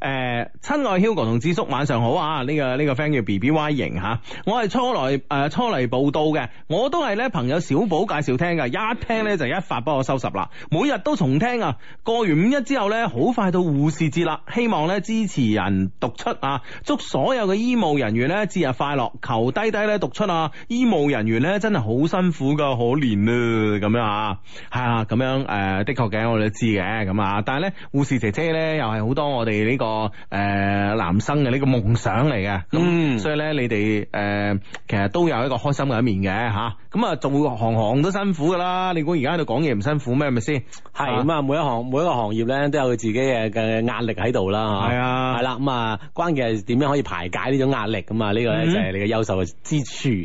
S1: 呃，親愛 Hugo 同智叔晚上好啊，呢、這個呢、這個 friend 叫 BBY 型吓、啊，我係初來誒、呃、初嚟報到嘅，我都係咧朋友小寶介紹聽噶，一聽咧就一發幫我收拾啦，每日都重聽啊，過完。五一之後咧，好快到護士節啦！希望咧支持人讀出啊，祝所有嘅醫務人員咧節日快樂！求低低咧讀出啊，醫務人員咧真係好辛苦噶，可憐啊咁樣啊，係啊咁樣誒、呃，的確嘅我哋都知嘅咁啊，但係咧護士姐姐咧又係好多我哋呢、呢個誒、呃、男生嘅呢個夢想嚟嘅，咁、嗯、所以咧你哋誒、呃、其實都有一個開心嘅一面嘅吓，咁啊、嗯、做行行都辛苦噶啦，你估而家喺度講嘢唔辛苦咩？係咪先？係咁是啊每，每一行每一個。行業咧都有佢自己嘅嘅壓力喺度啦，吓係啊，係啦，咁啊，關鍵係點樣可以排解呢種壓力咁啊？呢個咧就係你嘅優秀之處，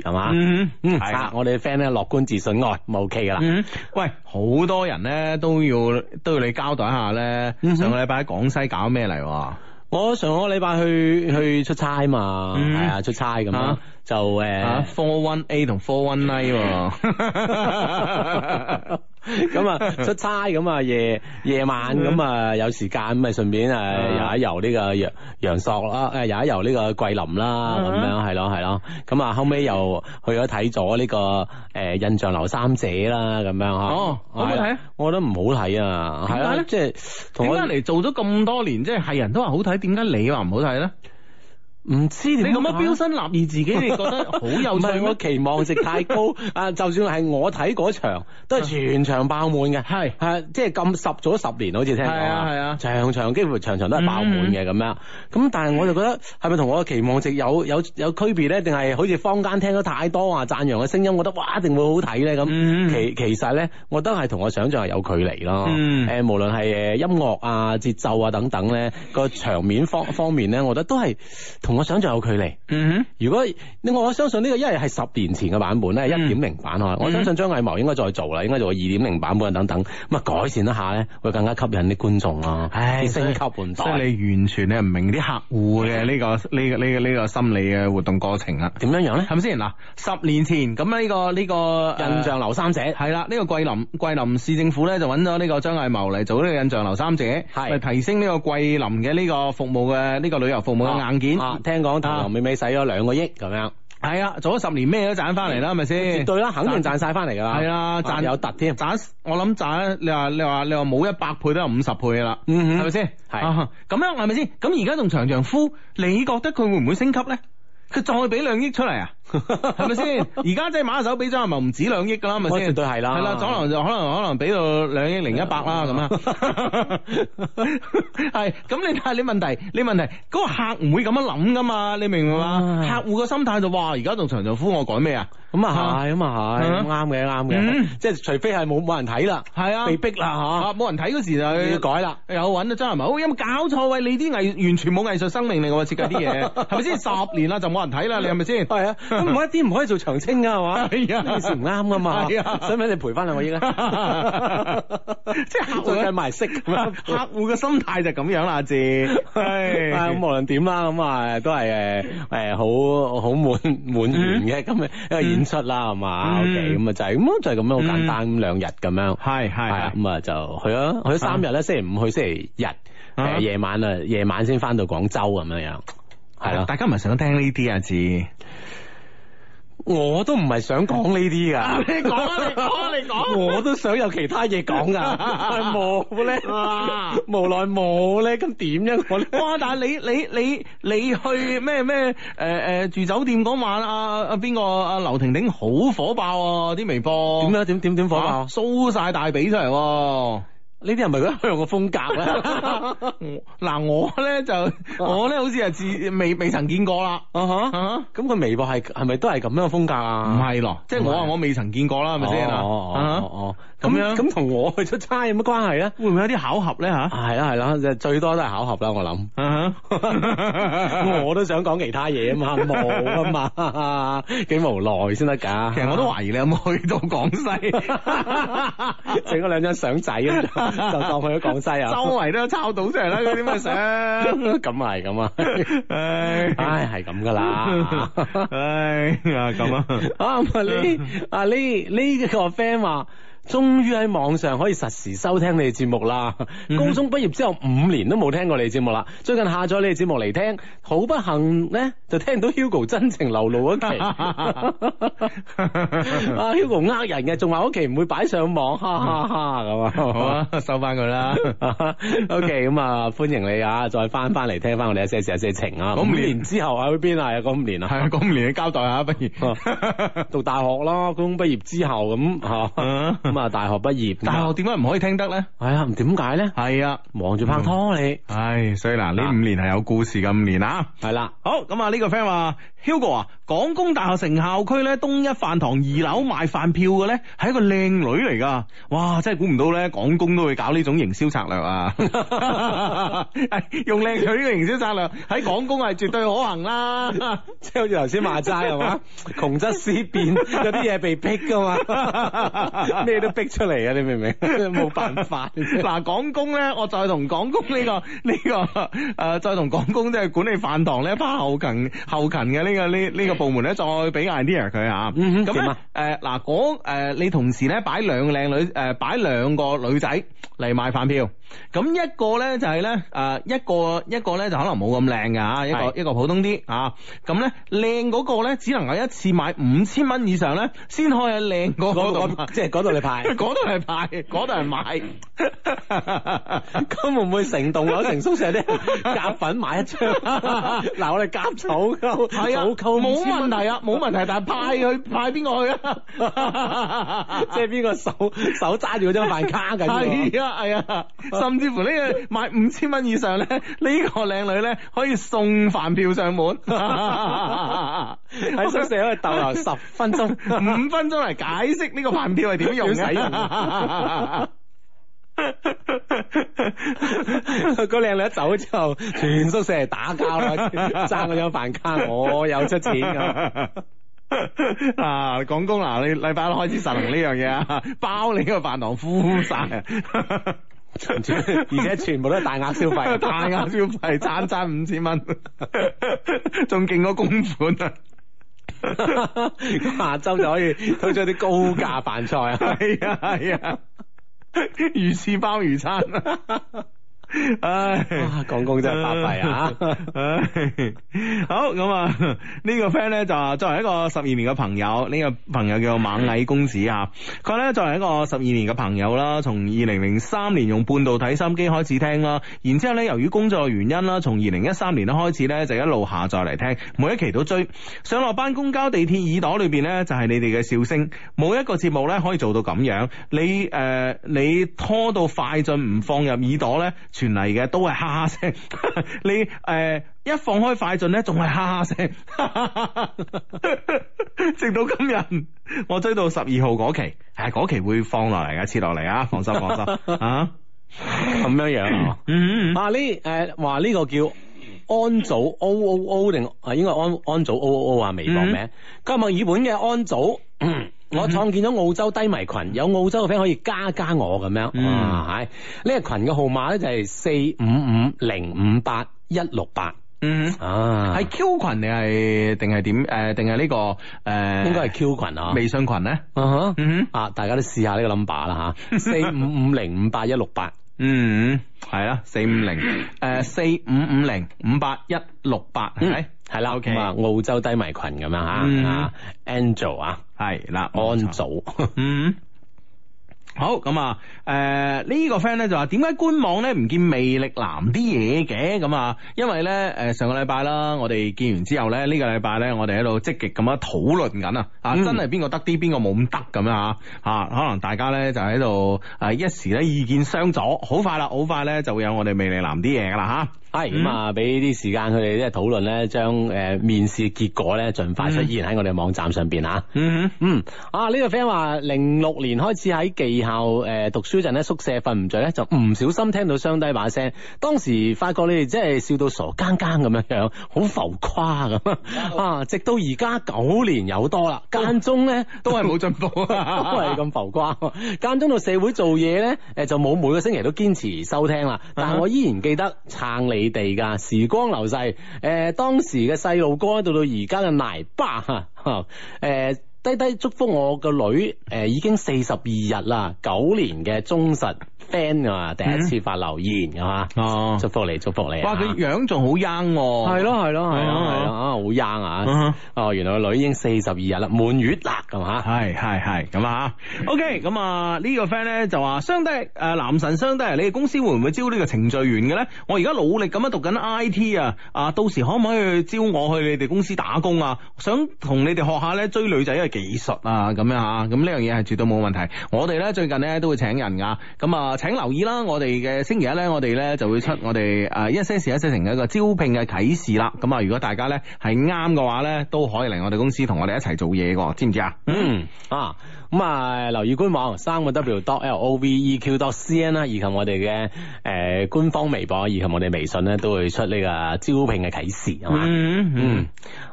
S1: 係嘛？嗯嗯，係啊，我哋嘅 friend 咧樂觀自信外，咪 OK 噶啦。喂，好多人咧都要都要你交代一下咧，上個禮拜喺廣西搞咩嚟？我上個禮拜去去出差啊嘛，係啊，出差咁樣，就誒 Four One Eight 同 Four One Nine。咁啊， 出差咁啊，夜夜晚咁啊， 有時間咁咪順便啊遊一遊呢個陽陽朔啦，誒遊一遊呢個桂林啦，咁 樣係咯係咯。咁啊，後尾又去咗睇咗呢個誒、欸、印象劉三姐啦，咁樣嗬。哦，好唔好睇？可可我覺得唔好睇啊。點解咧？即係點解嚟做咗咁多年，即係係人都話好睇，點解你話唔好睇咧？唔知你咁樣標新立異，自己 你覺得好有趣？唔係我期望值太高啊！ 就算係我睇嗰場，都係全場爆滿嘅。係係 是即係咁十做咗十年，好似聽到，啊，係啊，場場幾乎場場都係爆滿嘅咁樣。咁但係我就覺得，係咪同我嘅期望值有有有區別咧？定係好似坊間聽咗太多話讚揚嘅聲音，我覺得哇一定會好睇咧？咁其其實咧，我都係同我想象係有距離咯。誒、嗯，無論係誒音樂啊、節奏啊等等咧，個場面方方面咧，我覺得都係同。我想象有距離。嗯哼、mm，hmm. 如果你我我相信呢、這個一係係十年前嘅版本咧，一點零版。我相信張藝謀應該再做啦，應該做二點零版本等等，咁啊改善一下咧，會更加吸引啲觀眾咯、啊。唉、哎，以升級換代，即係你完全你唔明啲客戶嘅呢、這個呢、 這個呢、這個呢、這個心理嘅活動過程啦。點樣樣咧？係咪先嗱？十年前咁呢、這個呢、這個、這個、印象劉三姐係啦，呢、嗯這個桂林桂林市政府咧就揾咗呢個張藝謀嚟做呢個印象劉三姐，係的提升呢個桂林嘅呢個服務嘅呢、這個旅遊服務嘅硬件。啊啊聽講，唐美美使咗兩個億咁、啊、樣，係啊，做咗十年咩都賺翻嚟啦，係咪先？是是絕對啦，肯定賺晒翻嚟噶，係賺啊，賺有突添，賺我諗賺，你話你話你話冇一百倍都有五十倍啦，嗯哼，係咪先？係咁的、啊、樣，係咪先？咁而家仲長長夫，你覺得佢會唔會升級咧？佢再俾兩億出嚟啊？係咪先？而家即係買手俾張阿毛唔止兩億啦，係咪先？絕對係啦，係啦，可能就可能可能俾到兩億零一百啦咁啊。係咁，你睇下你問題，你問題嗰個客唔會咁樣諗噶嘛？你明唔明嘛？客戶個心態就話，而家仲長袖呼我改咩啊？咁啊係，咁啊係，啱嘅，啱嘅。即係除非係冇冇人睇啦，係啊，被逼啦吓，冇人睇嗰時就要改啦，又搵張阿毛，好有冇搞錯喂！你啲藝完全冇藝術生命嚟噶，設計啲嘢係咪先？十年啦就冇人睇啦，你係咪先？係啊。咁唔好一啲唔可以做長青噶係嘛，呢件事唔啱噶嘛，使以咪你陪翻兩個億啦，
S3: 即係客戶計
S1: 埋息，客戶嘅心態就咁樣啦，阿志。係咁，無論點啦，咁啊都係誒誒，好好滿滿員嘅咁嘅一個演出啦，係嘛，OK，咁啊就係咁，就係咁樣好簡單，兩日咁樣。係係，咁啊就去咗去咗三日咧，星期五去星期日夜晚啊，夜晚先翻到廣州咁樣樣。係啦，大家唔係想聽呢啲啊，字。我都唔係想講呢啲噶，你講、啊、你講你講， 我都想有其他嘢講噶，冇咧， 無奈冇咧，咁點啫我咧？哇！但係你你你你去咩咩誒誒住酒店嗰晚啊啊邊個啊劉婷婷好火爆啊！啲微博，點咧？點點點火爆 show 晒、啊、大髀出嚟、啊。呢啲人咪係佢香港嘅風格啦。嗱， 我咧就我咧好似係自未未曾見過啦。咁、uh、佢、huh. 嗯、微博係係咪都係咁樣嘅風格啊？唔係咯，即係我話是我，我未曾見過啦，係咪先啊？Huh. Uh huh. 咁樣咁同我去出差有乜關係啊？會唔會有啲巧合咧吓？係啦，係啦，最多都係巧合啦，我諗。我都想講其他嘢啊嘛，冇啊嘛，幾無奈先得噶。其實我都懷疑你有冇去到廣西，整咗兩張相仔，就當去咗廣西啊。周圍都抄到出嚟啦，嗰啲咩相？咁啊係咁啊，唉，係咁噶啦，唉
S3: 啊咁啊。
S1: 啊呢？阿呢呢個 friend 話。終於喺網上可以實時收聽你嘅節目啦！嗯、高中畢業之後五年都冇聽過你嘅節目啦，最近下載你嘅節目嚟聽，好不幸咧就聽到 Hugo 真情流露一期。阿 Hugo 呃人嘅，仲話屋企唔會擺上網，咁啊，收翻佢啦。OK，咁啊歡迎你啊，再翻翻嚟聽翻我哋一些事一些情啊。咁五,五年之後喺邊啊？嗰、啊、五年啊？係啊，嗰五年嘅交代下，不如 讀大學咯。高中畢業之後咁吓。 咁啊，大學畢業，大學點解唔可以聽得咧？係、哎、啊，點解咧？係啊，忙住拍拖，嗯、你。唉，所以嗱，呢五年係有故事嘅五年啊。係啦，好，咁啊，呢個 friend 話 Hugo 啊。Hugo 廣工大學城校區咧，東一飯堂二樓賣飯票嘅咧，係一個靚女嚟噶。哇，真係估唔到咧，廣工都會搞呢種營銷策略啊！ 用靚女嘅營銷策略喺廣工係絕對可行啦。即係好似頭先話齋係嘛，窮則思變，有啲嘢被逼噶嘛，咩都逼出嚟啊！你明唔明？冇 辦法、啊。嗱， 廣工咧，我再同廣工呢個呢、這個誒、呃，再同廣工即係管理飯堂呢一班後勤後勤嘅呢個呢呢個。這個這個這個部門咧再俾 idea 佢啊，嗯嗯，咁啊，誒嗱，講誒你同時咧擺兩靚女，誒擺兩個女仔嚟買飯票。咁一個咧就係咧，誒一個一個咧就可能冇咁靚嘅啊，一個一個普通啲啊，咁咧靚嗰個咧只能夠一次買五千蚊以上咧，先可以靚嗰個，即係嗰度你派，嗰度係派，嗰度係買，咁會唔會成棟樓成宿舍啲夾粉買一張？嗱，我哋夾早購，早冇問題啊，冇問題，但係派去派邊個去啊？即係邊個手手揸住張飯卡嘅？係啊，係啊。甚至乎呢個買五千蚊以上咧，呢個靚女咧可以送飯票上門，
S3: 喺宿舍喺度逗留十
S1: 分鐘、五分鐘嚟解釋呢個飯票係點用嘅。嗰靚女一走之後，全宿舍嚟打交啦，爭嗰張飯卡，我有出
S3: 錢
S1: 㗎。啊，廣工嗱，你禮拜六開始實行呢樣嘢啊，包你個飯堂敷晒。而且 全部都係大額消費， 大額消費，餐餐五千蚊，仲 勁過公款，啊。咁 下周就可以推出啲高價飯菜 啊！係啊係啊，魚翅鮑
S3: 魚餐。 唉，講公真係
S1: 發誓啊！好咁啊，呢、這個 friend 呢，就作為一個十二年嘅朋友，呢、這個朋友叫螞蟻公子啊。佢呢，作為一個十二年嘅朋友啦，從二零零三年用半導體收音機開始聽啦，然之後咧由於工作原因啦，從二零一三年咧開始呢，就一路下載嚟聽，每一期都追。上落班公交、地鐵耳朵裏邊呢，就係你哋嘅笑聲，冇一個節目呢，可以做到咁樣。你誒、呃，你拖到快進唔放入耳朵呢。原嚟嘅都係哈哈聲。 你誒、呃、一放開快進咧，仲係哈哈聲， 直到今日我追到十二號嗰期，係嗰期會放落嚟嘅，切落嚟啊，放心放心 啊，咁樣樣、啊。嗯，話呢誒話呢個叫安祖 O O O，定啊應該安安祖 O O O 啊，微博名。今日耳本嘅安祖。 Mm hmm. 我創建咗澳洲低迷群，有澳洲嘅 friend 可以加加我咁樣。嗯、mm，係呢個群嘅號碼咧就係四五五零五八一六八。嗯，啊，係 Q 群定係定係點？誒，定係呢個誒？呃、應該係 Q 群啊。微信群咧？Uh huh. mm hmm. 啊，大家都試下呢個 number 啦吓，四五五零五八一六八。 嗯，係啦，四五零，誒、呃，四五五零五八一六八，係，係啦、嗯，OK，啊、嗯，澳洲低迷群咁樣吓，Angel 啊，係啦，安祖，嗯。好咁啊，誒呢、呃這個 friend 咧就話點解官網咧唔見魅力男啲嘢嘅？咁啊，因為咧誒、呃、上個禮拜啦，我哋見完之後咧，呢、這個禮拜咧我哋喺度積極咁樣討論緊啊，啊真係邊個得啲，邊個冇咁得咁樣吓吓可能大家咧就喺度誒一時咧意見相左，好快啦，好快咧就會有我哋魅力男啲嘢噶啦吓，係咁啊俾啲是、嗯啊、時間佢哋咧討論咧，將誒、呃、面試結果咧盡快出現喺我哋網站上邊吓、啊嗯。嗯嗯啊呢、這個 friend 話零六年開始喺技。然後誒，讀書陣咧，宿舍瞓唔着咧，就唔小心聽到雙低把聲。當時發覺你哋真係笑到傻更更咁樣樣，好浮誇咁啊！ 直到而家九年有多啦，間中咧都係冇進步，都係咁 浮誇。間中到社會做嘢咧，誒就冇每個星期都堅持收聽啦。但係我依然記得撐你哋噶。時光流逝，誒、呃，當時嘅細路哥，到到而家嘅奶爸吓，誒。呃低低祝福我個女誒，已經四十二日啦，九年嘅忠實 fan 啊嘛，第一次發留言嘅吓，祝福你，祝福你。哇，佢樣仲好 young，係咯，係咯，係咯，係啊，好 young 啊，哦，原來個女已經四十二日啦，滿月啦，咁吓，係係係，咁啊 OK 咁啊呢個 friend 咧就話，相低誒，男神相低，你哋公司會唔會招呢個程序員嘅咧？我而家努力咁樣讀緊 IT 啊，啊，到時可唔可以去招我去你哋公司打工啊？想同你哋學下咧追女仔。技術啊，咁樣吓，咁呢樣嘢係絕對冇問題。我哋呢最近呢都會請人㗎，咁啊，請留意啦，我哋嘅星期一呢，我哋呢就會出我哋誒一些事一些情嘅一個招聘嘅啟示啦。咁啊，如果大家呢係啱嘅話呢，都可以嚟我哋公司同我哋一齊做嘢嘅，知唔知啊？嗯，啊。咁、嗯嗯、啊，留意官網三個 w dot l o v e q dot c n 啦，以及我哋嘅誒官方微博，以及我哋微信咧都會出呢個招聘嘅啟示係嘛。嗯嗯。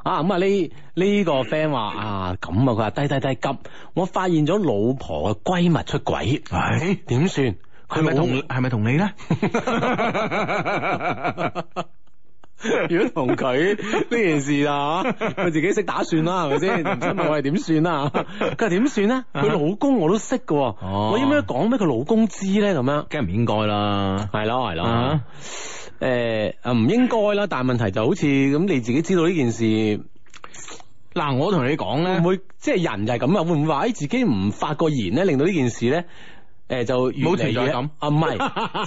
S1: 啊，咁啊呢呢個 friend 話啊咁啊，佢話低低低急，我發現咗老婆嘅閨蜜出軌，係點算？佢咪同係咪我同你咧？ 如果同佢呢件事啊，佢 自己識打算啦，係咪先？唔知我係點算啊？佢話點算咧、啊？佢、 啊啊、老公我都識嘅、啊，啊、我應該講俾佢老公知咧，咁樣梗係唔應該啦，係咯係咯，誒啊唔、欸、應該啦。但係問題就好似咁，你自己知道呢件事嗱，我同你講咧、就是，會唔會即係人就係咁啊？會唔會話自己唔發個言咧，令到呢件事咧？誒，就越嚟越咁 啊，唔係，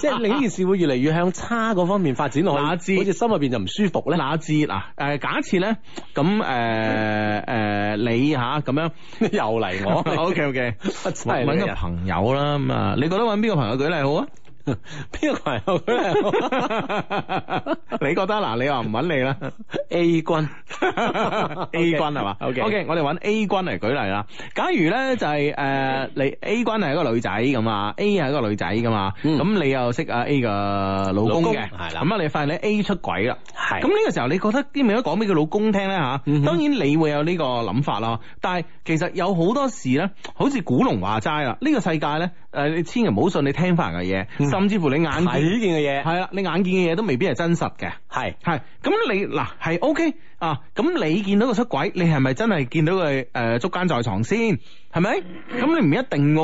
S1: 即係你呢件事會越嚟越向差嗰方面發展落去， 好似心入邊就唔舒服咧。 哪知嗱、啊，誒、呃，假設咧，咁誒誒，你吓咁、啊呃啊、樣 又嚟我 ，OK OK，揾 問個朋友啦，咁啊，你覺得揾邊個朋友舉例好啊？邊個係？ 誰好 你覺得嗱？你話唔揾你啦？A 君 ，A 君係嘛？OK，OK，我哋揾 A 君嚟舉例啦。假如咧就係、是、誒，你、呃、A 君係一個女仔咁啊，A 係一個女仔咁啊、咁、嗯、你又識阿 A 嘅老公嘅，係啦。咁啊，你發現咧 A 出軌啦，係的。咁呢個時候你覺得點樣講俾佢老公聽咧吓？當然你會有呢個諗法咯。但係其實有好多事咧，好似古龍話齋啦，呢、這個世界咧。誒，你千祈唔好信你聽翻嘅嘢，嗯、甚至乎你眼見呢件嘅嘢，係啦，你眼見嘅嘢都未必係真實嘅，係係是，咁你嗱係 OK。啊！咁你見到佢出軌，你係咪真係見到佢誒捉奸在床先？係、嗯、咪？咁你唔一定嘅，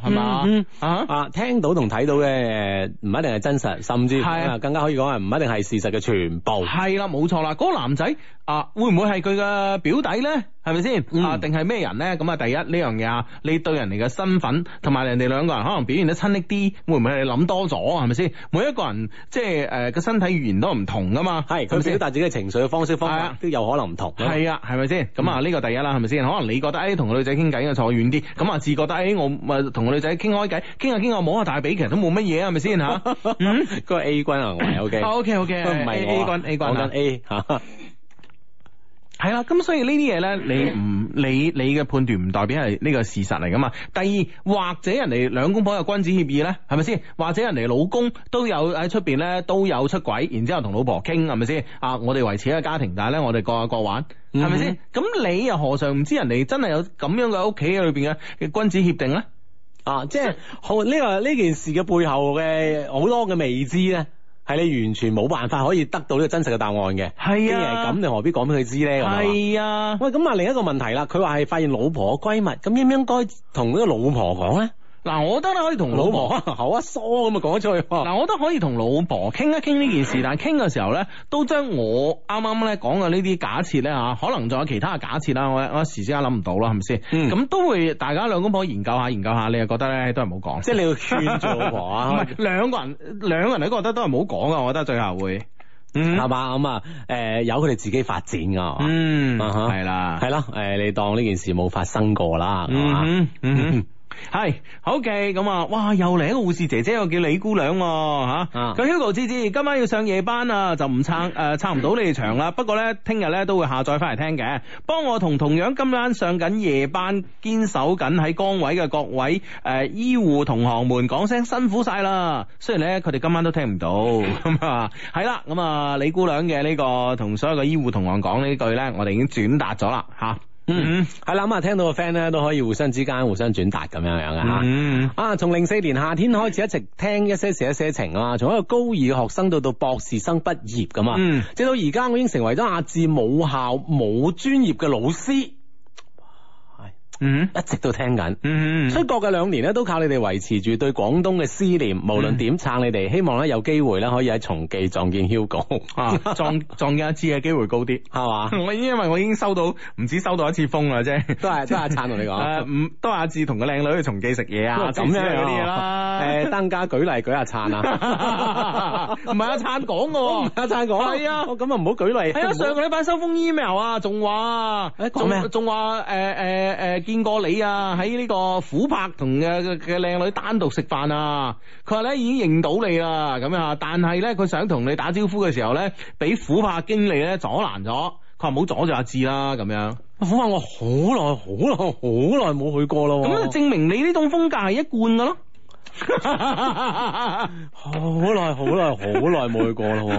S1: 係、嗯、嘛？啊、嗯、啊！聽到同睇到嘅唔一定係真實，甚至是更加可以講係唔一定係事實嘅全部。係、啊、啦，冇錯啦。嗰個男仔啊，會唔會係佢嘅表弟咧？係咪先？啊，定係咩人咧？咁啊，第一呢樣嘢啊，你對人哋嘅身份同埋人哋兩個人可能表現得親昵啲，會唔會你諗多咗？係咪先？每一個人即係誒個身體語言都唔同噶嘛。係佢表達自己嘅情緒嘅方式方法。都有可能唔同，係啊，係咪先？咁啊，呢個第一啦，係咪先？可能你覺得，誒、欸，同個女仔傾偈應該，坐遠啲，咁啊，自覺得，誒、欸，我咪同個女仔傾開偈，傾下傾下，摸下大髀，其實都冇乜嘢，係咪先吓？ 嗯，嗰個 A 君啊，唔係 OK，OK OK，唔係、啊、A 君 A 君。A 吓、啊。係啦，咁、嗯啊、所以呢啲嘢咧，你唔你你嘅判斷唔代表係呢個事實嚟噶嘛？第二，或者人哋兩公婆有君子協議咧，係咪先？或者人哋老公都有喺出邊咧都有出軌，然之後同老婆傾，係咪先？啊，我哋維持一個家庭，但係咧我哋各有各玩，係咪先？咁你又何嘗唔知人哋真係有咁樣嘅屋企裏邊嘅君子協定咧？啊，即係好呢個呢件事嘅背後嘅好多嘅未知咧。係你完全冇辦法可以得到呢個真實嘅答案嘅。既然係咁，你何必講俾佢知咧？係啊，喂，咁啊另一個問題啦，佢話係發現老婆閨蜜，咁應唔應該同呢個老婆講咧？嗱，我覺得咧，可以同老婆好一疏咁啊，講出。嗱，我覺得可以同老婆傾一傾呢件事，但係傾嘅時候咧，都將我啱啱咧講嘅呢啲假設咧吓，可能仲有其他嘅假設啦，我一時之間諗唔到啦，係咪先？咁都會大家兩公婆研究下研究下，你又覺得咧都係冇講，即係你要勸住老婆啊，兩個人兩個人都覺得都係冇講啊，我覺得最後會係嘛咁啊？誒，由佢哋自己發展啊嘛，嗯，係啦，係咯，誒，你當呢件事冇發生過啦，係好嘅，咁啊，哇，又嚟一個護士姐姐，又叫李姑娘吓。咁 Hugo 芝芝今晚要上夜班啊，就唔撐誒，撐唔到你哋場啦。不過呢，聽日呢都會下載翻嚟聽嘅。幫我同同樣今晚上緊夜班、堅守緊喺崗位嘅各位誒、呃、醫護同行們講聲辛苦晒啦。雖然呢，佢哋今晚都聽唔到。咁 啊，係啦，咁、嗯、啊，李姑娘嘅呢、這個同所有嘅醫護同行講呢句呢，我哋已經轉達咗啦，吓、啊。Mm hmm. 嗯，係啦，咁啊，聽到個 friend 咧都可以互相之間互相轉達咁樣樣嘅，吓。嗯，啊，從零四年夏天開始一直聽一些事一些情啊，從一個高二嘅學生到到博士生畢業咁啊。嗯、mm，hmm. 直到而家我已經成為咗阿志母校冇專業嘅老師。嗯，一直都聽緊，嗯嗯出國嘅兩年咧都靠你哋維持住對廣東嘅思念，無論點撐你哋，希望咧有機會咧可以喺松記撞見 Hugo，撞撞見一次嘅機會高啲，係嘛？我已經因為我已經收到唔止收到一次風啦啫，都係都阿燦同你講，唔都係阿志同個靚女去松記食嘢啊，咁樣嗰啲嘢啦，誒，陣間舉例舉阿燦啊，唔係阿燦講個，阿燦講係啊，咁啊唔好舉例，係啊，上個禮拜收封 email 啊，仲話誒，仲話誒誒誒。見過你啊，喺呢個琥珀同嘅嘅靚女單獨食飯啊，佢話咧已經認到你啦，咁樣，但係咧佢想同你打招呼嘅時候咧，俾琥珀經理咧阻攔咗，佢話唔好阻住阿志啦，咁樣。琥珀我好耐好耐好耐冇去過咯，咁就證明你呢種風格係一貫噶咯。好耐好耐好耐冇去過咯，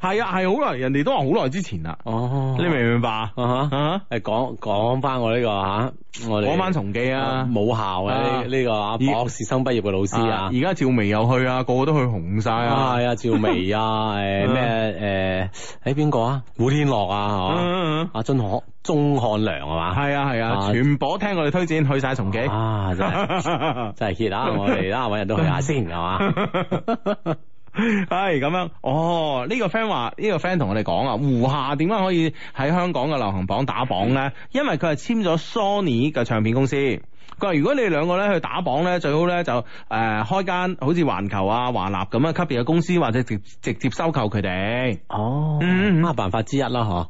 S1: 係啊係好耐，人哋都話好耐之前啦。哦，你明唔明白啊？吓吓，誒，講講翻我呢個吓，我哋講翻重記啊，母校嘅呢個啊博士生畢業嘅老師啊，而家趙薇又去啊，個個都去紅晒啊，係啊，趙薇啊，誒咩誒？誒邊個啊？古天樂啊，係嘛？阿俊河。鐘漢良係嘛，係啊係啊，啊啊全部聽我哋推薦去晒重記，啊真係真係 hit 啊！啊 我哋啦搵人都去下先係嘛，係咁 樣。哦，呢、這個 friend 話呢個 friend 同我哋講啊，胡夏點解可以喺香港嘅流行榜打榜咧？因為佢係簽咗 Sony 嘅唱片公司。佢話如果你哋兩個咧去打榜咧，最好咧就誒、呃、開間好似環球啊、華納咁樣級別嘅公司，或者直接直接收購佢哋。哦，嗯，咁啊辦法之一啦，嗬。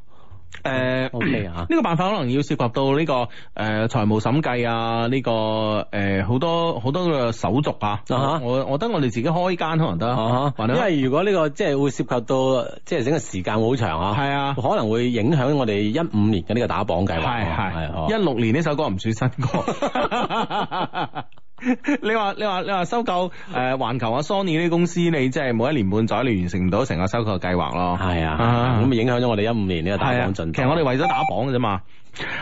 S1: 誒，OK 啊，呢、嗯這個辦法可能要涉及到呢、這個誒財、呃、務審計啊，呢、這個誒好、呃、多好多嘅手續啊。Uh huh. 我我覺得我哋自己開間可能得，uh huh. 因為如果呢、這個即係會涉及到，即係整個時間會好長啊。係啊，可能會影響我哋一五年嘅呢個打榜計劃、啊。係係，一六、啊 uh. 年呢首歌唔算新歌。 你話你話你話收購誒環球啊 Sony 呢啲公司，你即係每一年半載，你完成唔到成個收購嘅計劃咯。係啊，咁咪、啊啊、影響咗我哋一五年呢個打榜進度。其實我哋為咗打榜嘅啫嘛。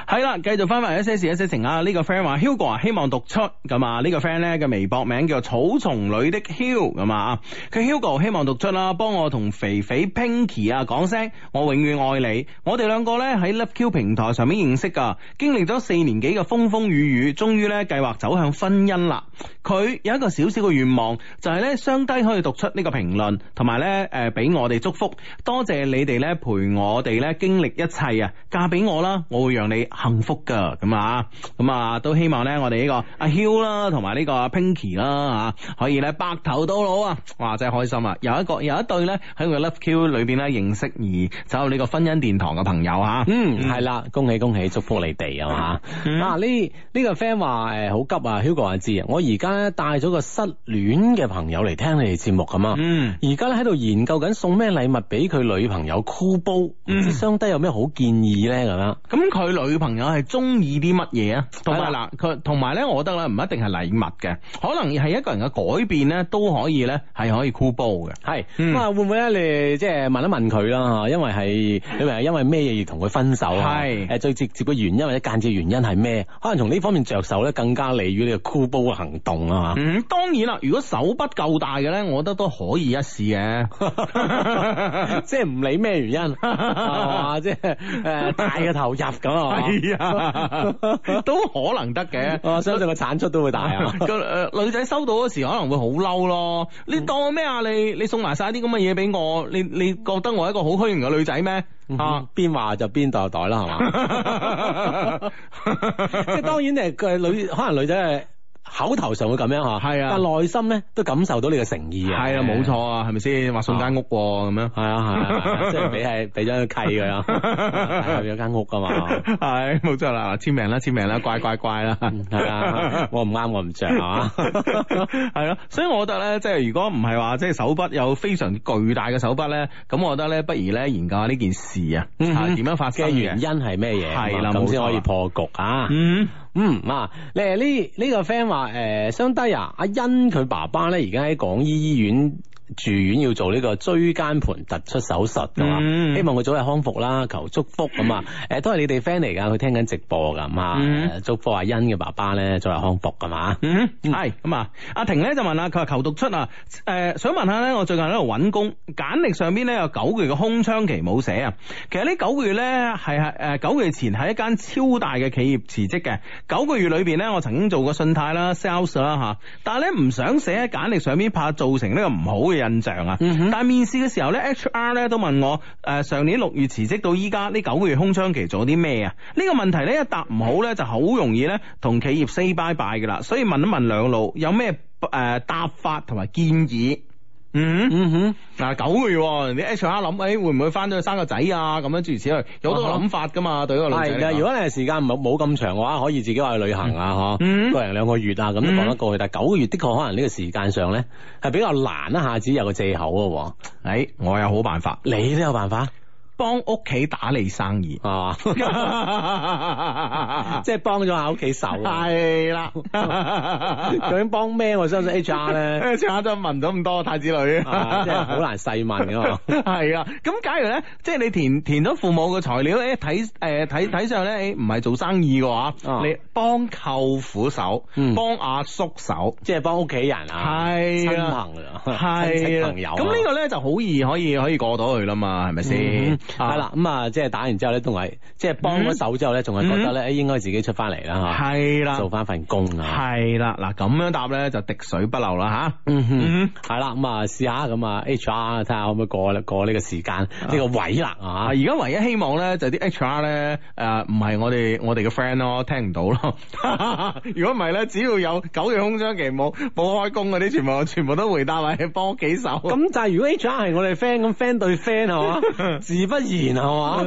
S1: 係啦，繼續翻翻一些事一些情啊！呢個 friend 話，Hugh 哥希望讀出咁啊！呢、這個 friend 咧嘅微博名叫草叢裏的 Hugh 咁啊！佢 Hugh 哥希望讀出啦，幫我同肥肥 Pinky 啊講聲，我永遠愛你！我哋兩個咧喺 Love Q 平台上面認識噶，經歷咗四年幾嘅風風雨雨，終於咧計劃走向婚姻啦！佢有一個小小嘅願望，就係咧雙低可以讀出呢個評論，同埋咧誒俾我哋祝福。多謝你哋咧陪我哋咧經歷一切啊！嫁俾我啦，我會讓。讓你幸福噶咁啊，咁啊都希望咧，我哋呢個阿 h 囂啦，同埋呢個 Pinky 啦啊，可以咧白頭到老啊！哇，真係開心啊！有一個有一對咧喺我 Love Q 裏邊咧認識而走入呢個婚姻殿堂嘅朋友吓、啊，嗯，係啦、嗯，恭喜恭喜，祝福你哋、嗯嗯、啊嘛、這個！啊呢呢個 friend 話誒好急啊，h 囂哥阿志，我而家帶咗個失戀嘅朋友嚟聽你哋節目咁啊、嗯，嗯，而家咧喺度研究緊送咩禮物俾佢女朋友 Cool 包，唔知相低有咩好建議咧咁樣？咁佢。女朋友係中意啲乜嘢啊？係啦，佢同埋咧，我覺得咧唔一定係禮物嘅，可能係一個人嘅改變咧都可以咧係可以箍煲嘅。係是，咁啊、hmm. 嗯、會唔會咧？你即係問一問佢啦嚇，因為係你係因為咩嘢要同佢分手啊？係誒，最直接嘅原因或者間接原因係咩？可能從呢方面着手咧，更加利於你嘅箍煲嘅行動啊嘛。嗯，當然啦，如果手筆夠大嘅咧，我覺得都可以一試嘅。即係唔理咩原因，即係誒大嘅投入咁、那個。係啊， 都可能得嘅。相信個產出都會大啊！個、 呃、女仔收到嗰時可能會好嬲咯，你當我咩啊？你你送埋晒啲咁嘅嘢俾我，你你覺得我係一個好虛榮嘅女仔咩？啊，邊話、嗯、就邊袋袋啦，係嘛？即係當然，誒，佢係女，可能女仔係。口頭上會咁樣哦，係啊，但係內心咧都感受到你嘅誠意啊，係啊，冇錯啊，係咪先？話送間屋咁樣，係啊係啊，即係俾係俾咗個契嘅，有間屋噶嘛，係，冇錯啦，簽名啦簽名啦，乖乖乖啦，係啊，我唔啱我唔着啊嘛，係咯，所以我覺得咧，即係如果唔係話，即係手筆有非常巨大嘅手筆咧，咁我覺得咧，不如咧研究下呢件事啊，點樣發生嘅原因係咩嘢，係啦，咁先可以破局啊。嗯啊，你呢呢個 friend 話誒，相低啊，阿欣佢爸爸咧，而家喺廣醫醫院。住院要做呢個椎間盤突出手術噶嘛，嗯、希望佢早日康復啦，求祝福咁啊！誒、嗯，都係你哋 friend 嚟噶，佢聽緊直播噶，嘛、嗯，嗯、祝福阿欣嘅爸爸咧早日康復噶嘛。嗯，係咁啊，阿婷咧就問啦，佢話求讀出啊，誒、呃，想問下咧，我最近喺度揾工，簡歷上邊咧有九個月嘅空窗期冇寫啊。其實呢九個月咧係係誒九個月前喺一間超大嘅企業辭職嘅，九個月裏邊咧我曾經做過信貸啦、sales 啦吓，但係咧唔想寫喺簡歷上邊，怕造成呢個唔好嘅。印象啊，嗯、但係面試嘅時候咧，H R 咧都問我，誒、呃、上年六月辭職到依家呢九個月空窗期做啲咩啊？呢、呢個問題咧一答唔好咧就好容易咧同企業 say bye bye 噶啦，所以問一問兩路，有咩誒、呃、答法同埋建議？嗯嗯，嗱、mm hmm. 啊、九個月，你 HR 諗，誒、欸，會唔會翻到去生個仔啊？咁樣諸如此類，有好多諗法噶嘛，啊、對個女仔。係如果你時間唔係冇咁長嘅話，可以自己話去旅行啊，嗬、mm，hmm. 個人兩個月啊，咁都講得過去。Mm hmm. 但係九個月的確可能呢個時間上咧，係比較難一下子有個借口嘅。誒、欸，我有好辦法，嗯、你都有辦法。幫屋企打理生意，啊，即係幫咗下屋企手，係啦是的。究竟幫咩？我相信 HR 咧，HR 都問咗咁多太子女，即係好難細問噶。係啊，咁、就是、 假如咧，即係你填填咗父母嘅材料，誒，睇誒睇睇上咧，唔係做生意嘅話，啊、你幫舅父手，幫阿叔手，即係幫屋企人啊，係親朋啊，係朋友。咁呢個咧就好易可以可以過到去啦嘛，係咪先？嗯係啦，咁啊，即係打完之後咧，同埋即係幫咗手之後咧，仲係覺得咧，應該自己出翻嚟啦，吓，係啦，做翻份工啊，係啦，嗱咁樣答咧就滴水不漏啦，吓，嗯哼，係啦，咁啊，試下咁啊，H R，睇下可唔可以過過呢個時間呢個位啦，啊，而家唯一希望咧就係啲 H R 咧，誒，唔係我哋我哋嘅 friend 咯，聽唔到咯，如果唔係咧，只要有九月空窗期冇冇開工嗰啲，全部全部都回答話幫幾手，咁但係如果 H R 係我哋 friend，咁 friend 對 friend 係嘛，不然係嘛、啊，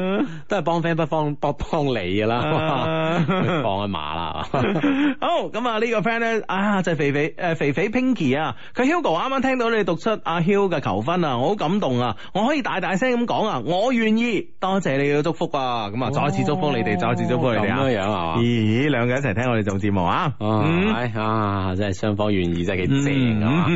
S1: 都係幫 friend 不方幫你噶啦，啊、 放一馬啦。 好，咁啊呢個 friend 咧啊，就係、是、肥肥誒、呃、肥肥 Pinky 啊，佢 Hugo 啱啱聽到你讀出阿 Hugo 嘅求婚啊，我好感動啊！我可以大大聲咁講啊，我願意，多謝你嘅祝福啊！咁啊，再一次祝福你哋，哦、再一次祝福你哋咁、啊、樣係嘛？咦，兩個一齊聽我哋做節目啊？係啊、嗯、啊，真係雙方願意真係，幾正、嗯、啊！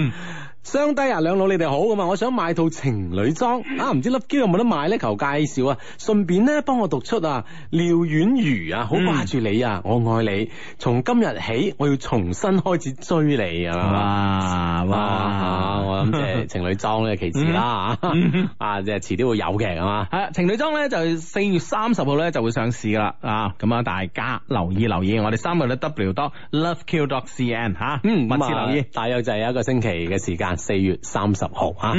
S1: 雙低啊，兩老你哋好咁、啊、嘛。我想買套情侶裝啊，唔知 LoveQ 有冇得買咧？求介紹啊！順便咧，幫我讀出啊，廖婉如啊，好掛住你啊，嗯、我愛你，從今日起我要重新開始追你啊！哇哇,哇，我諗即係情侶裝咧，其次啦啊，即係遲啲會有嘅係嘛？啊，情侶裝咧就係四月三十號咧就會上市噶啦啊！咁啊，大家留意留意，我哋三個都 W 多 LoveQ.CN 吓、啊，嗯，密切留意，啊、大約就係一個星期嘅時間。四月三十號吓，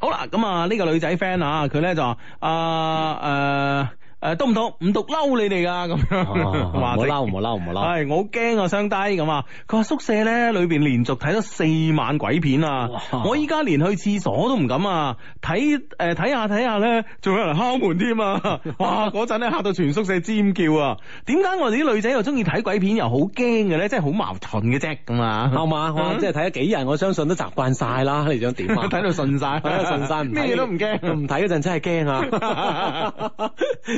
S1: 好啦，咁啊呢個女仔 friend 啊，佢咧就啊誒。呃嗯呃誒，凍唔凍？唔讀嬲你哋㗎咁樣，話嬲唔話嬲唔話嬲。係我好驚啊，雙低咁啊。佢話宿舍咧裏邊連續睇咗四晚鬼片啊，我依家連去廁所都唔敢啊。睇誒睇下睇下咧，仲有人敲門添啊！哇，嗰陣咧吓到全宿舍尖叫啊！點解我哋啲女仔又中意睇鬼片又好驚嘅咧？即係好矛盾嘅啫，咁啊，係嘛？即係睇咗幾日，我相信都習慣晒啦。你想點啊？睇到信晒，順晒，咩嘢都唔驚，唔睇嗰陣真係驚啊！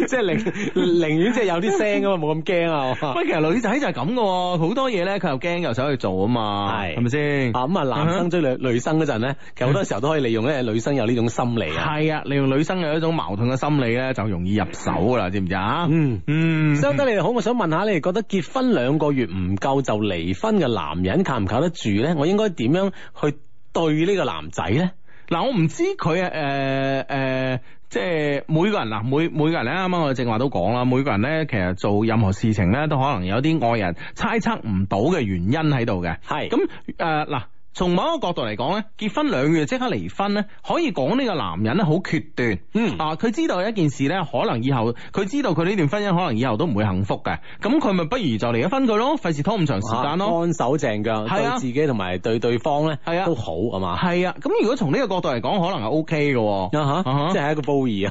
S1: 即係寧寧願即係有啲聲啊嘛，冇咁驚啊！喂，其實女仔就係咁噶，好多嘢，咧佢又驚又想去做係係係，啊嘛，係係咪先？咁啊，男生追女女生嗰陣咧，其實好多時候都可以利用咧女生有呢種心理啊。係啊、嗯，利用女生有一種矛盾嘅心理咧，就容易入手噶啦，知唔知啊？嗯嗯。收得、嗯 so, 你哋好，我想問下你哋覺得結婚兩個月唔夠就離婚嘅男人靠唔靠得住咧？我應該點樣去對呢個男仔咧？嗱、嗯，嗯、我唔知佢誒誒。呃呃呃即係每個人嗱，每每個人咧，啱啱我哋正話都講啦，每個人咧，其實做任何事情咧，都可能有啲外人猜測唔到嘅原因喺度嘅。係咁誒，嗱。呃從某一個角度嚟講咧，結婚兩月即刻離婚咧，可以講呢個男人咧好決斷，嗯啊，佢知道一件事咧，可能以後佢知道佢呢段婚姻可能以後都唔會幸福嘅，咁佢咪不如就離咗婚佢咯，費事拖咁長時間咯，安手正腳，對自己同埋對對方咧，係啊都好係嘛，係啊，咁如果從呢個角度嚟講，可能係 O K 嘅，啊即係一個褒義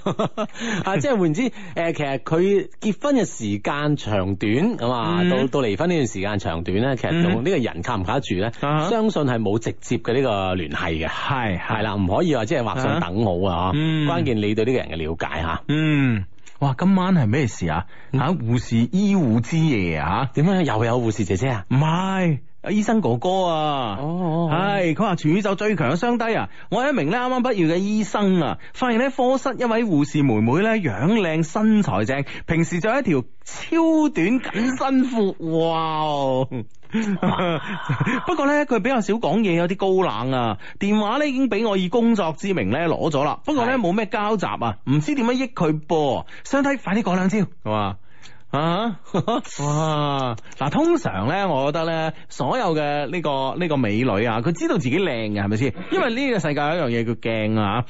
S1: 啊，即係換言之，誒，其實佢結婚嘅時間長短咁啊，到到離婚呢段時間長短咧，其實同呢個人靠唔靠得住咧，相信係冇。直接嘅呢個聯繫嘅，係係啦，唔可以話即係劃上等號啊，嗯、關鍵你對呢個人嘅了解嚇。嗯，
S2: 哇，今
S1: 晚係咩事啊？嚇、嗯，護士醫護之夜啊？嚇，點樣又有護士姐姐啊？唔係，醫生哥哥啊？哦，係、哦，佢話全宇宙最強嘅雙低啊！我係一名咧啱啱畢業嘅醫生啊，發現咧科室一位護士妹妹咧樣靚，身材正，平時著一條超短緊身褲，哇！ 不過咧，佢比較少講嘢，有啲高冷啊。電話咧已經俾我以工作之名咧攞咗啦。不過咧冇咩交集啊，唔知點樣益佢噃、啊。相睇快啲講兩招。好、啊啊！哇！嗱，通常咧，我覺得咧，所有嘅呢個呢個美女啊，佢知道自己靚嘅，係咪先？因為呢個世界有一樣嘢叫鏡啊！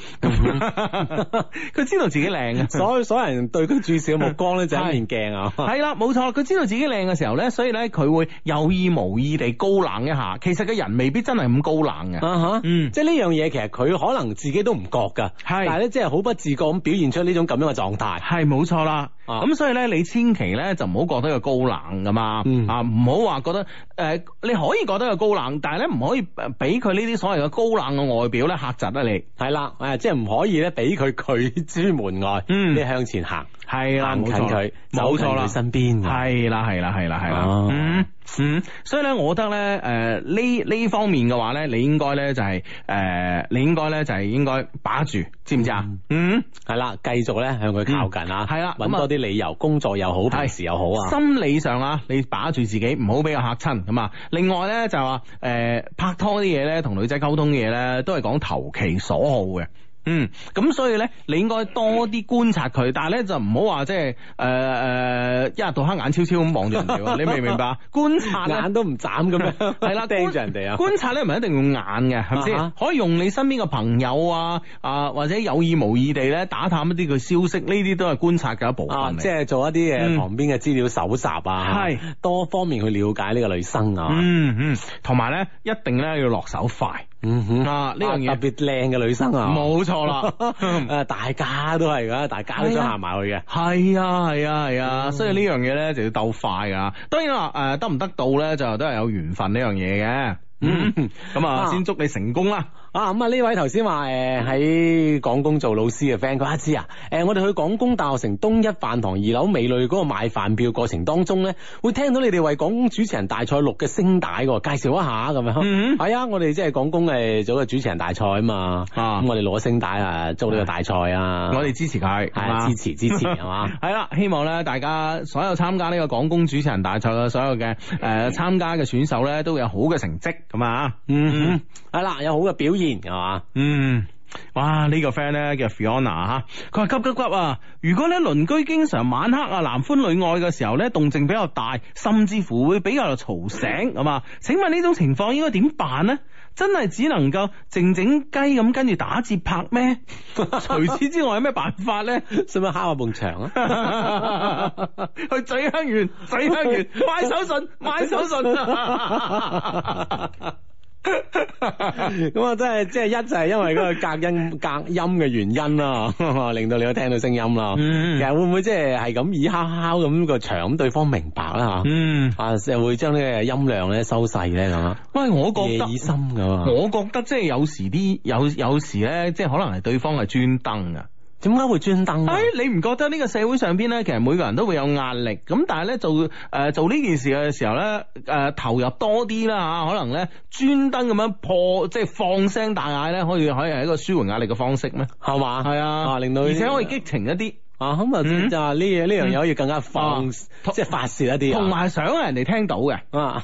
S1: 佢知道自己靚嘅，所以 所有人對佢注視嘅目光咧就係一面鏡啊！係啦是，冇錯， 佢知道自己靚嘅時候咧，所以咧佢會有意無意地高冷一下。其實個人未必真係咁高冷嘅。啊哈嗯、即係呢樣嘢，其實佢可能自己都唔覺噶。係是，但係咧，即係好不自覺咁表現出呢種咁樣嘅狀態。係，冇錯啦。咁、啊、所以咧，你千祈咧就唔好覺得佢高冷噶嘛，嗯、啊，唔好話覺得，誒、呃，你可以覺得佢高冷，但係咧唔可以誒，俾佢呢啲所謂嘅高冷嘅外表咧嚇窒啊你，係啦、嗯，誒、啊，即係唔可以咧俾佢拒之門外，嗯，你向前行，係啦，冇錯、啊，冇錯啦，身邊、啊，係啦、啊，係啦、啊，係啦、啊，係啦、嗯。
S2: 嗯，所以咧，
S1: 我覺得咧，誒、呃，呢呢方面嘅話咧，你應該咧就係、是，誒、呃，你應該咧就係應該把住，知唔知啊的？嗯，係啦，繼續咧向佢靠近啊，係啦，搵多啲理由，工作又好，派時又好啊。心理上啊，你把住自己，唔好俾佢嚇親。咁啊，另外咧就話、是，誒、呃，拍拖啲嘢咧，同女仔溝通嘅嘢咧，都係講投其所好嘅。嗯，咁所以咧，你應該多啲觀察佢，但係咧就唔好話即係誒誒，一日到黑眼悄悄咁望住人哋， 你明唔明白？觀察眼都唔眨咁樣，係啦，盯住人哋啊！觀， 觀察咧唔係一定用眼嘅，係咪先？啊、哈可以用你身邊嘅朋友啊啊，或者有意無意地咧打探一啲佢消息，呢啲都係觀察嘅一部分，啊嗯、即係做一啲誒旁邊嘅資料搜集啊，係、嗯、是多方面去了解呢個女生啊、嗯嗯。嗯嗯，同埋咧一定咧要落手快。嗯哼，呢、啊、樣嘢特別靚嘅女生啊，冇錯啦，誒、 呃，大家都係噶，大家都想行埋去嘅，係啊，係啊，係啊，啊啊啊 所以樣呢樣嘢咧就要鬥快啊。當然啦，誒、呃，得唔得到咧就都係有緣分呢樣嘢嘅，咁、嗯 嗯、啊，先祝你成功啦。啊咁啊！呢位頭先話誒喺廣工做老師嘅 friend，佢阿志啊，誒、呃、我哋去廣工大學城東一飯堂二樓美女嗰個買飯票過程當中咧，會聽到你哋為廣工主持人大賽錄嘅聲帶喎，介紹一下咁樣嗬。係啊、嗯 哎，我哋即係廣工誒做嘅主持人大賽啊嘛。咁我哋攞聲帶啊，帶做呢個大賽啊。嗯、我哋支持佢，係支持支持係嘛？係啦 是吧， 希望咧大家所有參加呢個廣工主持人大賽嘅所有嘅誒、 呃、參加嘅選手咧，都會有好嘅成績咁啊。嗯。 係啦，有好嘅表現係嘛，嗯，哇，這個、呢個 friend 咧叫 Fiona 吓，佢話急急急啊！如果咧鄰居經常晚黑啊男歡女愛嘅時候咧動靜比較大，甚至乎會比較嘈醒，係啊，請問呢種情況應該點辦呢？真係只能夠靜靜雞咁跟住打節拍咩？除此之外有咩辦法咧？使唔使敲下埲牆啊？去醉香園，醉香園，買手信，買手信啊！ 咁 啊、um， 真係即係一就係因為嗰個隔音隔音嘅原因啦，令到你都聽到聲音啦。其實會唔會即係係咁耳敲敲咁個牆，咁對方明白
S3: 啦
S1: 吓？嗯，啊，會將呢個音量咧收細咧咁啊？喂，我覺得夜耳心噶嘛，我覺得即係有時啲有有時咧，即係可能係對方係專登啊。點解會專登咧？誒，你唔覺得呢個社會上邊咧，其實每個人都會有壓力咁，但係咧做誒做呢件事嘅時候咧，誒投入多啲啦吓，可能咧專登咁樣破，即係放聲大嗌咧，可以可以係一個舒緩壓力嘅方式咩？係嘛？係啊，啊令到而且可以激情一啲啊，咁啊呢嘢呢樣嘢可以更加放，即係發洩一啲，同埋想人哋聽到嘅啊，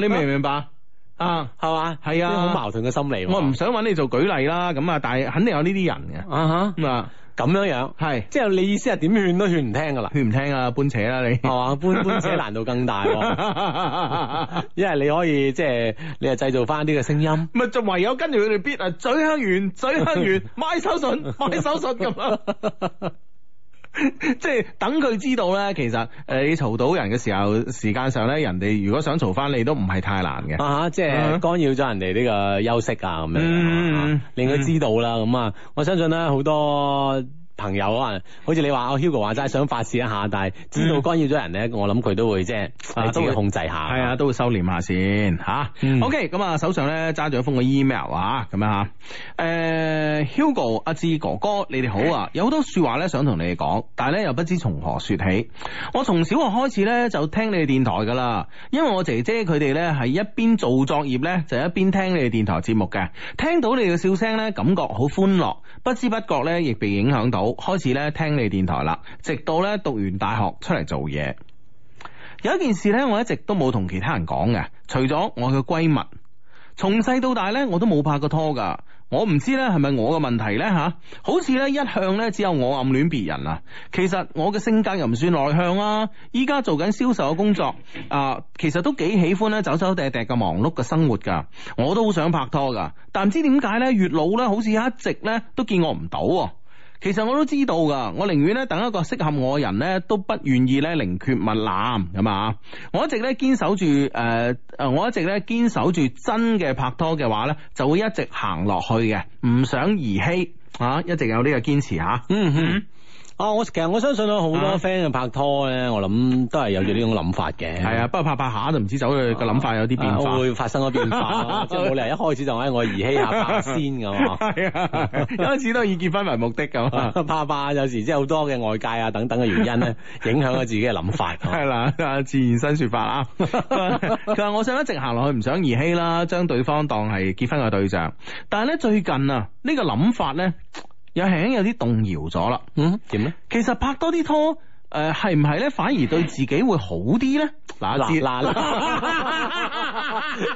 S1: 你明唔明白啊？係嘛？係啊，好矛盾嘅心理。我唔想揾你做舉例啦，咁啊，但係肯定有呢啲人嘅啊哈啊。咁樣樣，係是，即係你意思係點勸都勸唔聽㗎啦，勸唔聽啊搬扯啦你，係嘛？哦，搬搬扯難度更大，因 為 你可以即係你係製造翻啲嘅聲音，咪仲 唯有跟住佢哋 beat 啊，咀香園咀香園， 買手信買手信咁啊。 即係等佢知道咧，其實誒你嘈到人嘅時候，時間上咧，人哋如果想嘈翻你都唔係太難嘅。啊、uh，huh. 即係干擾咗人哋呢個休息啊咁樣，uh huh. 令佢知道啦。咁啊、uh huh.，我相信咧好多。朋友啊，好似你話阿 Hugo 話齋係想發洩一下，但係知道干擾咗人咧， 我諗佢都會即係都會控制下，係啊，啊，啊，都會收斂下先吓。OK，咁啊，嗯、okay, 手上咧揸住一封嘅 email 啊，咁樣吓。誒，Hugo 阿、啊、志哥哥，你哋好啊，有好多話說話咧想同你哋講，但係咧又不知從何說起。我從小學開始咧就聽你哋電台噶啦，因為我姐姐佢哋咧係一邊做作業咧就是、一邊聽你哋電台節目嘅，聽到你哋嘅笑聲咧感覺好歡樂，不知不覺咧亦被影響到。開始咧聽你電台啦，直到咧讀完大學出嚟做嘢。有一件事咧，我一直都冇同其他人講嘅，除咗我嘅閨蜜。從細到大咧，我都冇拍過拖噶。我唔知咧係咪我嘅問題咧吓，好似咧一向咧只有我暗戀別人啊。其實我嘅性格又唔算內向啊。依家做緊銷售嘅工作啊、呃，其實都幾喜歡咧走走跌跌嘅忙碌嘅生活噶。我都好想拍拖噶，但唔知點解咧，月老咧，好似一直咧都見我唔到。其實我都知道㗎，我寧願咧等一個適合我嘅人咧，都不願意咧寧缺勿濫咁啊！我一直咧堅守住誒誒，我一直咧堅守住真嘅拍拖嘅話咧，就會一直行落去嘅，唔想兒戲啊！一直有呢個堅持吓，嗯、啊、哼。 啊！我、哦、其實我相信有啊有，好多 friend 嘅拍拖咧，我諗都係有住呢種諗法嘅。係啊，不過拍拍下就唔知走去個諗法有啲變化，啊啊。會發生咗變化，即係冇理由一開始就喺我兒戲下先咁啊。啊，一開始都以結婚為目的咁啊，啊。怕怕，有時即係好多嘅外界啊等等嘅原因咧，影響咗自己嘅諗法。係、啊、啦、 啊，自現身説法啊。佢 話： 我想一直行落去，唔想兒戲啦，將對方當係結婚嘅對象。但係咧，最近啊，呢個諗法咧。又係有啲動搖咗啦，嗯，點咧？其實多拍多啲拖，誒，係唔係咧？反而對自己會好啲咧？嗱，嗱， 嗱，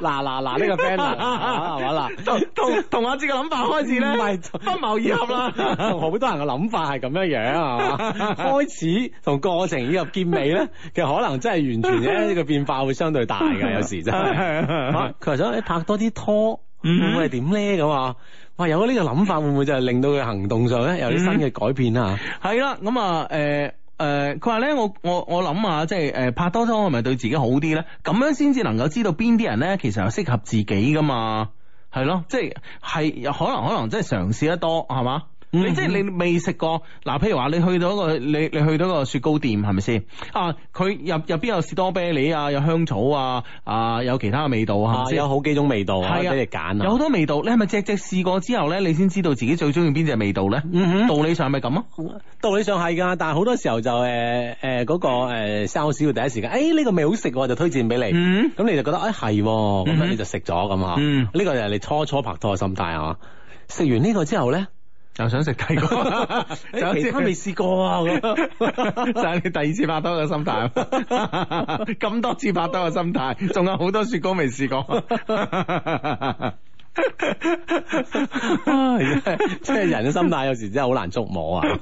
S1: 嗱，嗱， 呢個 friend 啊，係嘛嗱？同同阿志嘅諗法開始咧，唔係不謀而合啦。同好多人嘅諗法係咁樣樣，係嘛？ 開始同過程以及結尾咧，其實可能真係完全咧個變化會相對大嘅，有時真係。佢話想你多拍多啲拖，會會係點咧咁啊？嗯哇！有咗呢個諗法，會唔會就係令到佢行動上咧有啲新嘅改變啊？係啦、嗯，咁啊，誒 誒，佢話咧，我我我諗下，即係誒，拍多拖，我係咪、就是、對自己好啲咧。咁樣先至能夠知道邊啲人咧，其實又適合自己噶嘛。係咯，即係係可能可能即係嘗試得多，係嘛？你即係你未食過嗱，譬如話你去到一個你你去到個雪糕店，係咪先啊？佢入入邊有士多啤梨啊，有香草啊，啊有其他味道是是啊，有好幾種味道啊，俾的你揀啊，有好多味道。你係咪隻隻試過之後咧，你先知道自己最中意邊隻味道咧？嗯嗯，道理上係咪咁啊？道理上係噶，但係好多時候就誒誒嗰個誒 sales、會、第一時間，誒、哎、呢、這個味好食，就推薦俾你。嗯，咁你就覺得誒係，咁、哎、你就食咗咁嗬。嗯，呢、嗯、個就係你初初拍拖嘅心態啊。食完呢個之後咧。就想食第二個 其他都未試過啊！咁 就係你第二次拍拖嘅心態，咁 多次拍拖嘅心態，仲有好多雪糕未試過。即 係 人嘅心態有時真係好難捉摸啊！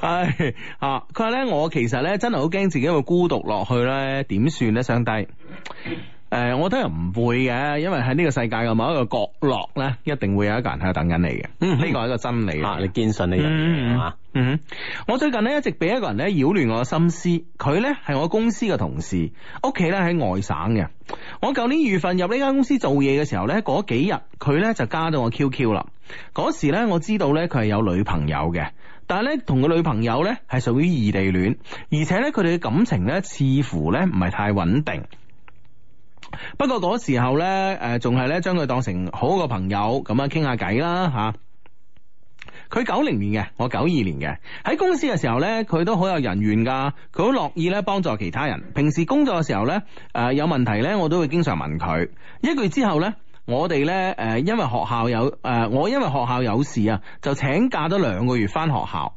S1: 唉啊，佢話咧，我其實咧真係好驚自己會孤獨落去咧，點算咧，上帝。誒、呃，我都係唔會嘅，因為喺呢個世界嘅某一個角落咧，一定會有一個人喺度等緊你嘅。嗯哼，呢個係一個真理啊，你堅信呢樣嘢，嗯哼，啊、我最近咧一直俾一個人咧擾亂我嘅心思，佢咧係我公司嘅同事，屋企咧喺外省嘅。我舊年二月份入呢間公司做嘢嘅時候咧，嗰幾日佢咧就加到我 QQ 啦。嗰時咧我知道咧佢係有女朋友嘅，但係咧同個女朋友咧係屬於異地戀，而且咧佢哋嘅感情咧似，似乎咧唔係太穩定。不過嗰時候呢，誒、呃，仲係呢將佢當成好個朋友，噉樣傾下偈啦吓。佢九零年嘅，我九二年嘅。喺公司嘅時候呢，佢都好有人緣噶，佢好樂意呢，幫助其他人。平時工作嘅時候呢，誒、呃、有問題呢，我都會經常問佢。一個月之後呢，我哋呢，誒、呃，因為學校有，誒、呃，我因為學校有事啊，就請假咗兩個月返學校。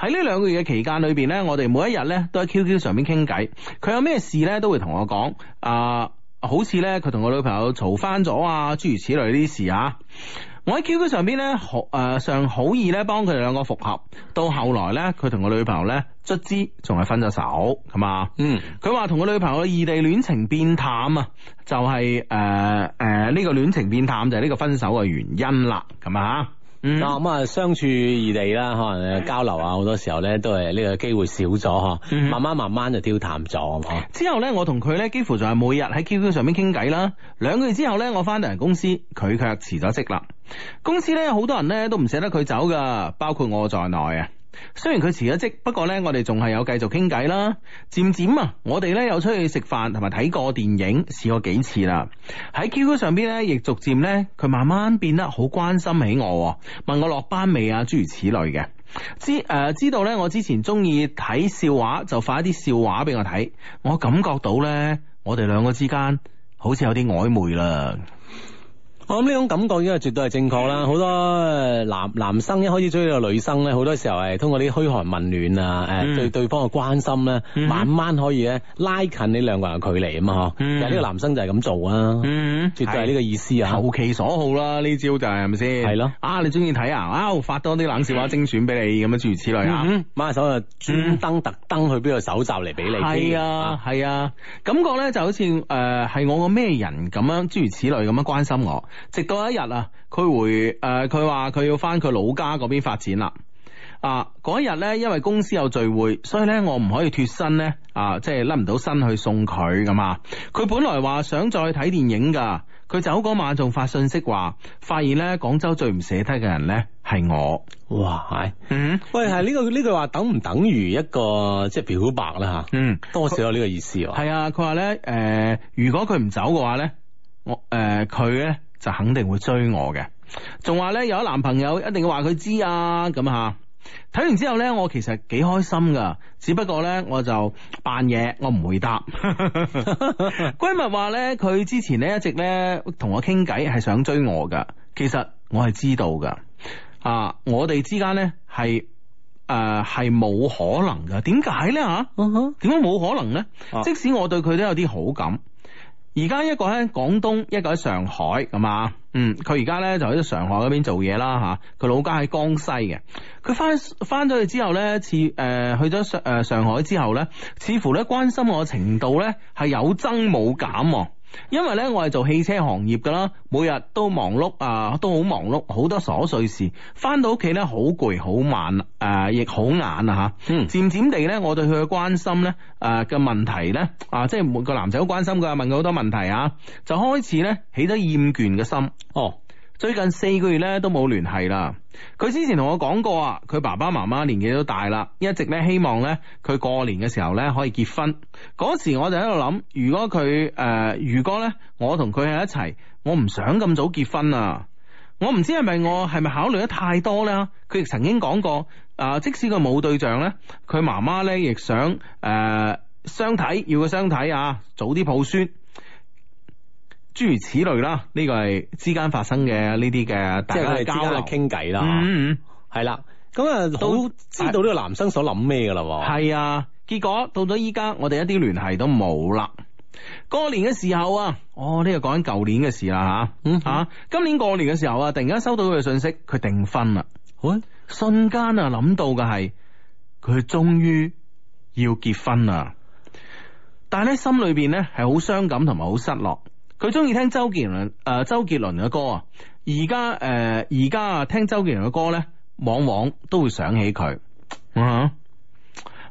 S1: 喺呢兩個月嘅期間裏邊呢，我哋每一日呢，都喺 Q Q 上面傾偈。佢有咩事呢，都會同我講啊。呃好似咧，佢同我女朋友嘈翻咗啊，諸如此類呢啲事啊。我喺 QQ 上邊咧好誒，上好易咧幫佢哋兩個複合，到後來咧佢同我女朋友咧卒之仲係分咗手，係嘛？嗯，佢話同個女朋友異地戀情變淡啊，就係誒誒呢個戀情變淡就係呢個分手嘅原因啦，咁啊。嗱咁啊，mm hmm. 相處異地啦，可能交流啊，好多時候咧都係呢個機會少咗嗬，mm hmm. 慢慢慢慢就丟淡咗。之後咧，我同佢咧幾乎就係每日喺 QQ 上面傾偈啦。兩個月之後咧，我翻到人公司，佢卻辭咗職啦。公司咧好多人咧都唔捨得佢走噶，包括我在內啊。雖然佢辭咗職，不過呢，漸漸我哋仲係有繼續傾偈啦。漸漸啊，我哋呢又出去食飯，同埋睇過電影，試過幾次啦。喺 QQ 上邊呢，亦逐漸呢，佢慢慢變得好關心起我，問我落班未啊，諸如此類嘅知誒。知道呢，我之前中意睇笑話，就發一啲笑話俾我睇。我感覺到呢，我哋兩個之間好似有啲曖昧啦。我諗呢種感覺應該係絕對係正確啦。好多男男生一開始追呢個女生咧，好多時候係通過啲噓寒問暖啊，誒對對方嘅關心咧，慢慢可以咧拉近你兩個人嘅距離啊嘛。但係呢個男生就係咁做啊，絕對係呢個意思啊，投其所好啦，呢招就係咪先？係咯，啊你中意睇啊，發多啲冷笑話精選俾你咁樣諸如此類啊，馬手啊專登特登去邊度搜集嚟俾你。係啊係啊，感覺咧就好似誒係我個咩人咁樣諸如此類咁樣關心我。直到一日啊，佢回誒，佢話佢要翻佢老家嗰邊發展啦。啊，嗰一日咧，因為公司有聚會，所以咧我唔可以脫身咧啊，即係甩唔到身去送佢咁啊。佢本來話想再睇電影噶，佢走嗰晚仲發信息話，發現咧廣州最唔捨得嘅人咧係我哇，嗯，喂係呢個呢句話等唔等於一個即係表白啦吓？嗯，多少有呢個意思係啊。佢話咧誒，如果佢唔走嘅話咧，我誒佢咧。呃呃就肯定會追我嘅，仲話咧有男朋友一定要話佢知啊咁吓。睇、啊、完之後咧，我其實幾開心噶，只不過咧我就扮嘢，我唔回答。閨蜜話咧，佢之前咧一直咧同我傾偈，係想追我噶。其實我係知道噶，啊，我哋之間咧係誒係冇可能噶。點解咧啊？點解冇可能咧？啊、即使我對佢都有啲好感。而家一個喺廣東，一個喺上海，咁啊，嗯，佢而家咧就喺上海嗰邊做嘢啦吓，佢、啊、老家喺江西嘅，佢翻翻咗去之後咧，似誒、呃、去咗上誒、呃、上海之後咧，似乎咧關心我嘅程度咧係有增冇減、哦。因為咧，我係做汽車行業噶啦，每日都忙碌啊、呃，都好忙碌，好多瑣碎事。翻到屋企咧，好攰，好慢，誒、呃，亦好眼啊吓。嗯，漸漸地咧，我對佢嘅關心咧，誒、呃、嘅問題咧，啊，即係每個男仔都關心噶，問佢好多問題啊，就開始咧起咗厭倦嘅心哦。最近四個月咧都冇聯繫啦。佢之前同我講過啊，佢爸爸媽媽年紀都大啦，一直咧希望咧佢過年嘅時候咧可以結婚。嗰時我就喺度諗，如果佢誒、呃，如果咧我同佢喺一齊，我唔想咁早結婚啊。我唔知係咪我係咪考慮得太多啦。佢亦曾經講過啊、呃，即使佢冇對象咧，佢媽媽咧亦想誒、呃、相睇，要佢相睇啊，早啲抱孫。諸如此類啦，呢個係之間發生嘅呢啲嘅，即係大家嘅傾偈啦。嗯，係啦，咁啊，都知道呢個男生所諗咩噶啦。係啊，結果到咗依家，我哋一啲聯繫都冇啦。過年嘅時候啊，哦，呢個講緊舊年嘅事啦吓，嗯、啊、吓、啊、今年過年嘅時候啊，突然間收到佢嘅信息，佢訂婚啦、好，瞬間啊諗到嘅係佢終於要結婚啦，但係咧心裏邊咧係好傷感同埋好失落。佢中意聽周杰倫誒、呃，周杰倫嘅歌啊！而家誒，而家啊聽周杰倫嘅歌咧，往往都會想起佢。誒、uh huh.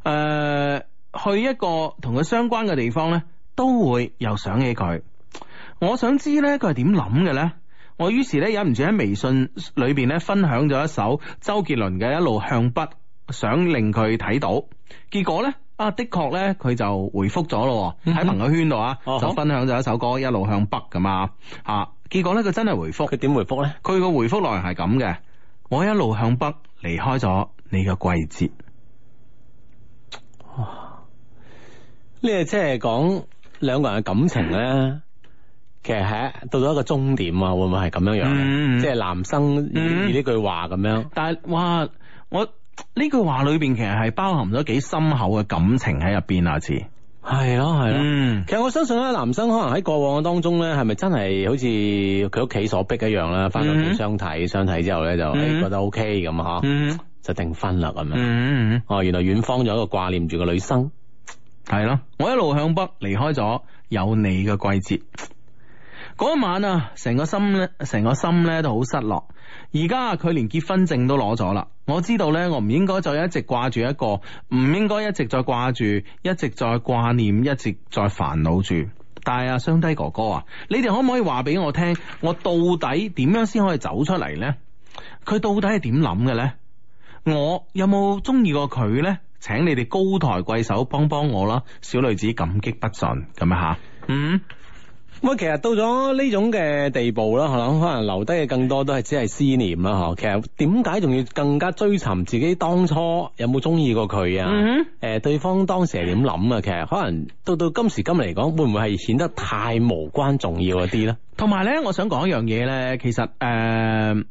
S1: 呃，去一個同佢相關嘅地方咧，都會又想起佢。我想知咧佢係點諗嘅咧？我於是咧忍唔住喺微信裏邊咧分享咗一首周杰倫嘅《一路向北》，想令佢睇到。結果咧。啊的確咧，佢就回覆咗咯喎，喺、嗯、哼朋友圈度啊，嗯、哼就分享咗一首歌《一路向北》噶嘛，吓、啊、結果咧佢真係回覆，佢點回覆咧？佢個回覆內容係咁嘅，我一路向北離開咗你嘅季節。哇、哦！呢個即係講兩個人嘅感情咧，嗯、其實係到咗一個終點啊，會唔會係咁樣樣？嗯嗯即係男生呢句話咁樣。嗯、但係哇，我。呢句話裏邊其實係包含咗幾深厚嘅感情喺入邊啊，似係咯係咯，嗯，其實我相信咧，男生可能喺過往嘅當中咧，係咪真係好似佢屋企所逼一樣咧，翻到面相睇，嗯、相睇之後咧，就覺得 O K 咁啊，樣嗯、就定婚啦咁樣，哦、嗯，嗯嗯、原來遠方有一個掛念住嘅女生，係咯，我一路向北離開咗有你嘅季節，嗰、那個、晚啊，成個心咧，成個心咧都好失落。而家佢連結婚證都攞咗啦，我知道呢，我唔應該再一直掛住一個，唔應該一直在掛住，一直在掛念，一直在煩惱住。但係阿雙低哥哥啊，你哋可唔可以話俾我聽，我到底點樣先可以走出嚟呢？佢到底係點諗嘅呢？我有冇中意過佢呢？請你哋高抬貴手幫幫我啦，小女子感激不盡。咁啊吓，嗯。咁其實到咗呢種嘅地步啦，可能可能留低嘅更多都係只係思念啦。嗬，其實點解仲要更加追尋自己當初有冇中意過佢啊？誒、mm hmm. 呃，對方當時係點諗啊？其實可能到到今時今日嚟講，會唔會係顯得太無關重要一啲咧？同埋咧，我想講一樣嘢咧，其實誒誒、呃、誒 send、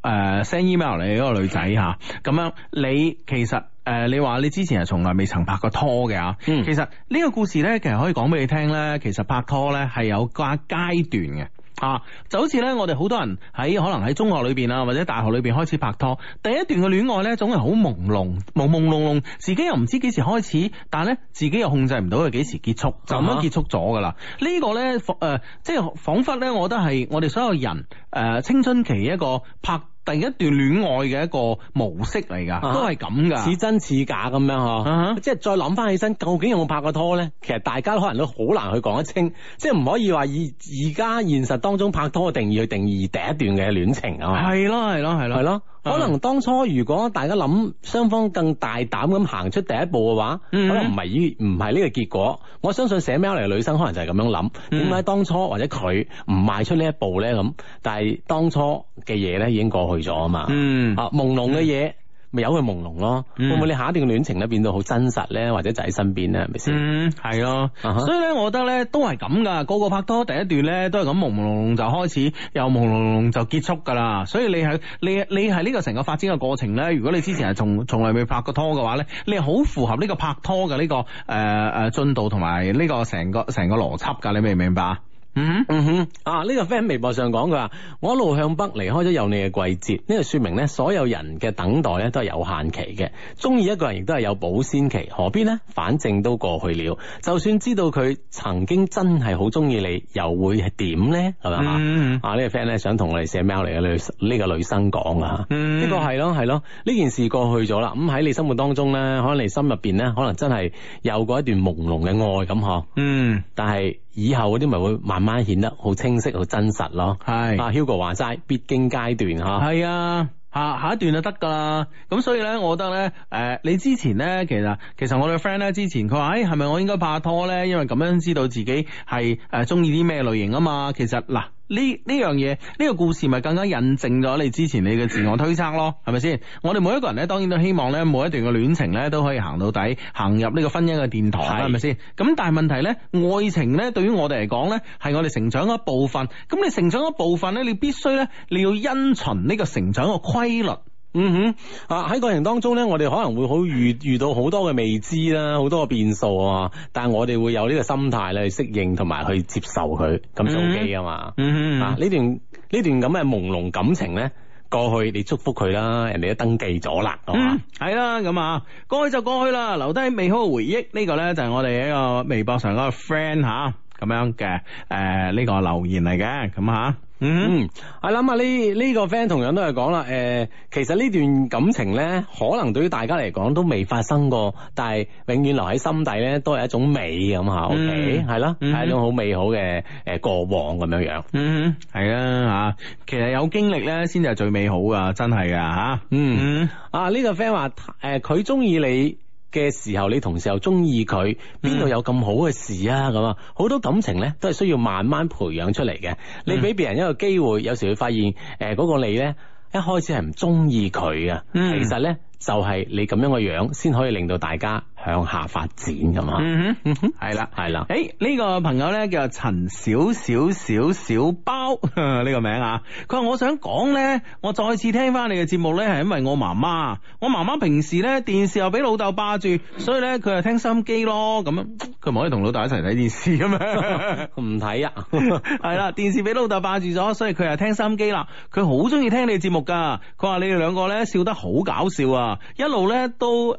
S1: 呃呃、email 嚟嗰個女仔吓，咁樣你其實。誒、呃，你話你之前係從來未曾拍過拖嘅吓、啊，嗯、其實呢個故事呢，其實可以講俾你聽呢。其實拍拖呢係有個階段嘅，啊，就好似呢，我哋好多人喺可能喺中學裏邊啊，或者大學裏邊開始拍拖，第一段嘅戀愛呢，總係好朦朧、朦朦朧朧，自己又唔知幾時開始，但係呢自己又控制唔到佢幾時結束，就咁樣結束咗噶啦。呢、啊、個呢，誒、呃，即係仿佛呢，我覺得係我哋所有人誒、呃、青春期一個拍。第一段戀愛嘅一個模式嚟㗎，啊、都係咁㗎，似真似假咁樣呵，uh huh。即係再諗翻起身，究竟有冇拍過拖咧？其實大家可能都好難去講得清，即係唔可以話以而家現實當中拍拖嘅定義去定義第一段嘅戀情啊嘛，係咯係咯係咯。Huh. 可能當初如果大家諗雙方更大膽咁行出第一步嘅話，可能唔係呢個結果。我相信寫 mail 嚟嘅女生可能就係咁樣諗，點解當初或者佢唔邁出呢一步呢？咁但係當初嘅嘢呢已經過去咗啊嘛，嗯、啊朦朧嘅嘢。嗯咪有佢朦朧咯，嗯、會唔會你下一段戀情咧變到好真實咧，或者就喺身邊咧，係咪先？係咯、嗯，uh huh. 所以咧，我覺得咧都係咁噶個個拍拖第一段咧都係咁朦朦朧朧就開始，又朦朦朧朧就結束噶啦。所以你係你你係呢個成個發展嘅過程咧。如果你之前係從從嚟未拍過拖嘅話咧，你係好符合呢個拍拖嘅呢、這個誒誒進度同埋呢個成個成個邏輯噶。你明唔明白？嗯哼、mm hmm. 啊！呢、這個 friend 微博上講佢話，我一路向北離開咗有你嘅季節。呢、這個說明咧，所有人嘅等待咧都係有限期嘅。中意一個人亦都係有保鮮期，何必呢？反正都過去了，就算知道佢曾經真係好中意你，又會係點咧？係咪、mm hmm. 啊？這個、呢個 friend 咧想同我哋寫 mail 嚟嘅女，呢個女生講啊，呢個係咯係咯，呢件事過去咗啦。咁、嗯、喺你心目當中呢，可能你心入邊呢，可能真係有過一段朦朧嘅愛咁嗬。嗯、啊，mm hmm. 但係。以後嗰啲咪會慢慢顯得好清晰，好真實咯。係阿是、啊、Hugo 話齋，必經階段吓。係啊，下、啊、下一段就得噶啦。咁所以咧，我覺得咧，誒、呃，你之前咧，其實其實我哋 friend 咧之前，佢話，哎，係咪我應該拍拖咧？因為咁樣知道自己係誒中意啲咩類型啊嘛。其實嗱。呢呢樣嘢，呢個故事咪更加印證咗你之前你嘅自我推測咯，係咪先？我哋每一個人咧，當然都希望咧，每一段嘅戀情咧，都可以行到底，行入呢個婚姻嘅殿堂，係咪先？咁 但係問題咧，愛情咧，對於我哋嚟講咧，係我哋成長一部分。咁你成長一部分咧，你必須咧，你要因循呢個成長嘅規律。嗯哼，啊喺過程當中咧，我哋可能會好遇遇到好多嘅未知啦，好多嘅變數啊，但係我哋會有呢個心態咧去適應同埋去接受佢，咁做機啊嘛。嗯哼，啊呢
S3: 段
S1: 呢段咁嘅朦朧感情咧，過去你祝福佢啦，人哋都登記咗啦，係嘛、嗯？係啦吧，咁啊過去就過去啦，留低美好嘅回憶。呢、呢個咧就係我哋一個微博上嗰個 friend 吓、啊、咁樣嘅誒呢個留言嚟嘅，咁、啊、吓。Mm hmm. 嗯，我諗啊，呢、這、呢個 friend 同樣都係講啦，誒、呃，其實呢段感情咧，可能對於大家嚟講都未發生過，但係永遠留喺心底咧，都係一種美咁吓、mm hmm.，OK，係咯，係、mm hmm. 一種好美好嘅誒過往咁樣樣。嗯、mm，係、hmm. 啊，吓，其實有經歷咧，先至係最美好噶，真係噶吓。嗯，mm hmm. 啊，呢、這個 friend 話，誒、呃，佢中意你。嘅時候，你同時又中意佢，邊度有咁好嘅事啊？咁啊，好多感情呢都係需要慢慢培養出嚟嘅。你俾別人一個機會，有時會發現誒，嗰、呃嗰個你呢一開始係唔中意佢嘅。其實呢，就係你咁樣嘅樣，先可以令到大家。向下發展咁嘛，嗯哼，嗯哼，係啦，係啦。誒呢個朋友咧叫陳小小小小包呢個名啊。佢話：我想講咧，我再次聽翻你嘅節目咧，係因為我媽媽。我媽媽平時咧，電視又俾老豆霸住，所以咧佢又聽收音機咯。咁樣佢唔可以同老豆一齊睇電視嘅咩？唔睇啊！係啦，電視俾老豆霸住咗，所以佢又聽收音機啦。佢好中意聽你嘅節目㗎。佢話：你哋兩個咧笑得好搞笑啊！一路咧都誒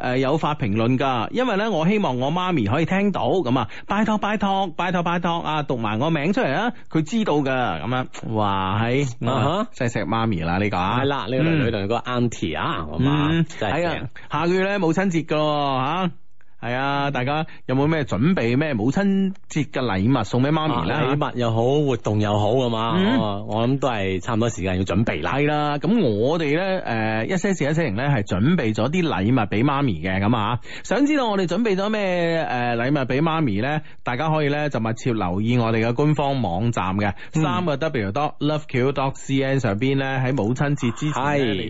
S1: 誒有發評論。噶，因為咧，我希望我媽咪可以聽到咁啊，拜託拜託拜託拜託啊，讀埋我名出嚟哇哇啊，佢知道噶咁樣，哇係啊，真係錫媽咪啦呢個啊，係啦、嗯，呢個女女輪個 a 阿姨啊，好嘛、嗯，係啊正，下個月咧母親節噶吓。啊係啊，大家有冇咩準備咩母親節嘅禮物送俾媽咪咧？禮物又好，活動又好，係嘛、嗯？我諗都係差唔多時間要準備啦。係啦、啊，咁我哋咧，誒、呃，一些事一些情咧，係準備咗啲禮物俾媽咪嘅。咁啊，想知道我哋準備咗咩誒禮物俾媽咪咧？大家可以咧就密切留意我哋嘅官方網站嘅、嗯、三個 w dot loveq dot cn 上邊咧，喺母親節之前咧。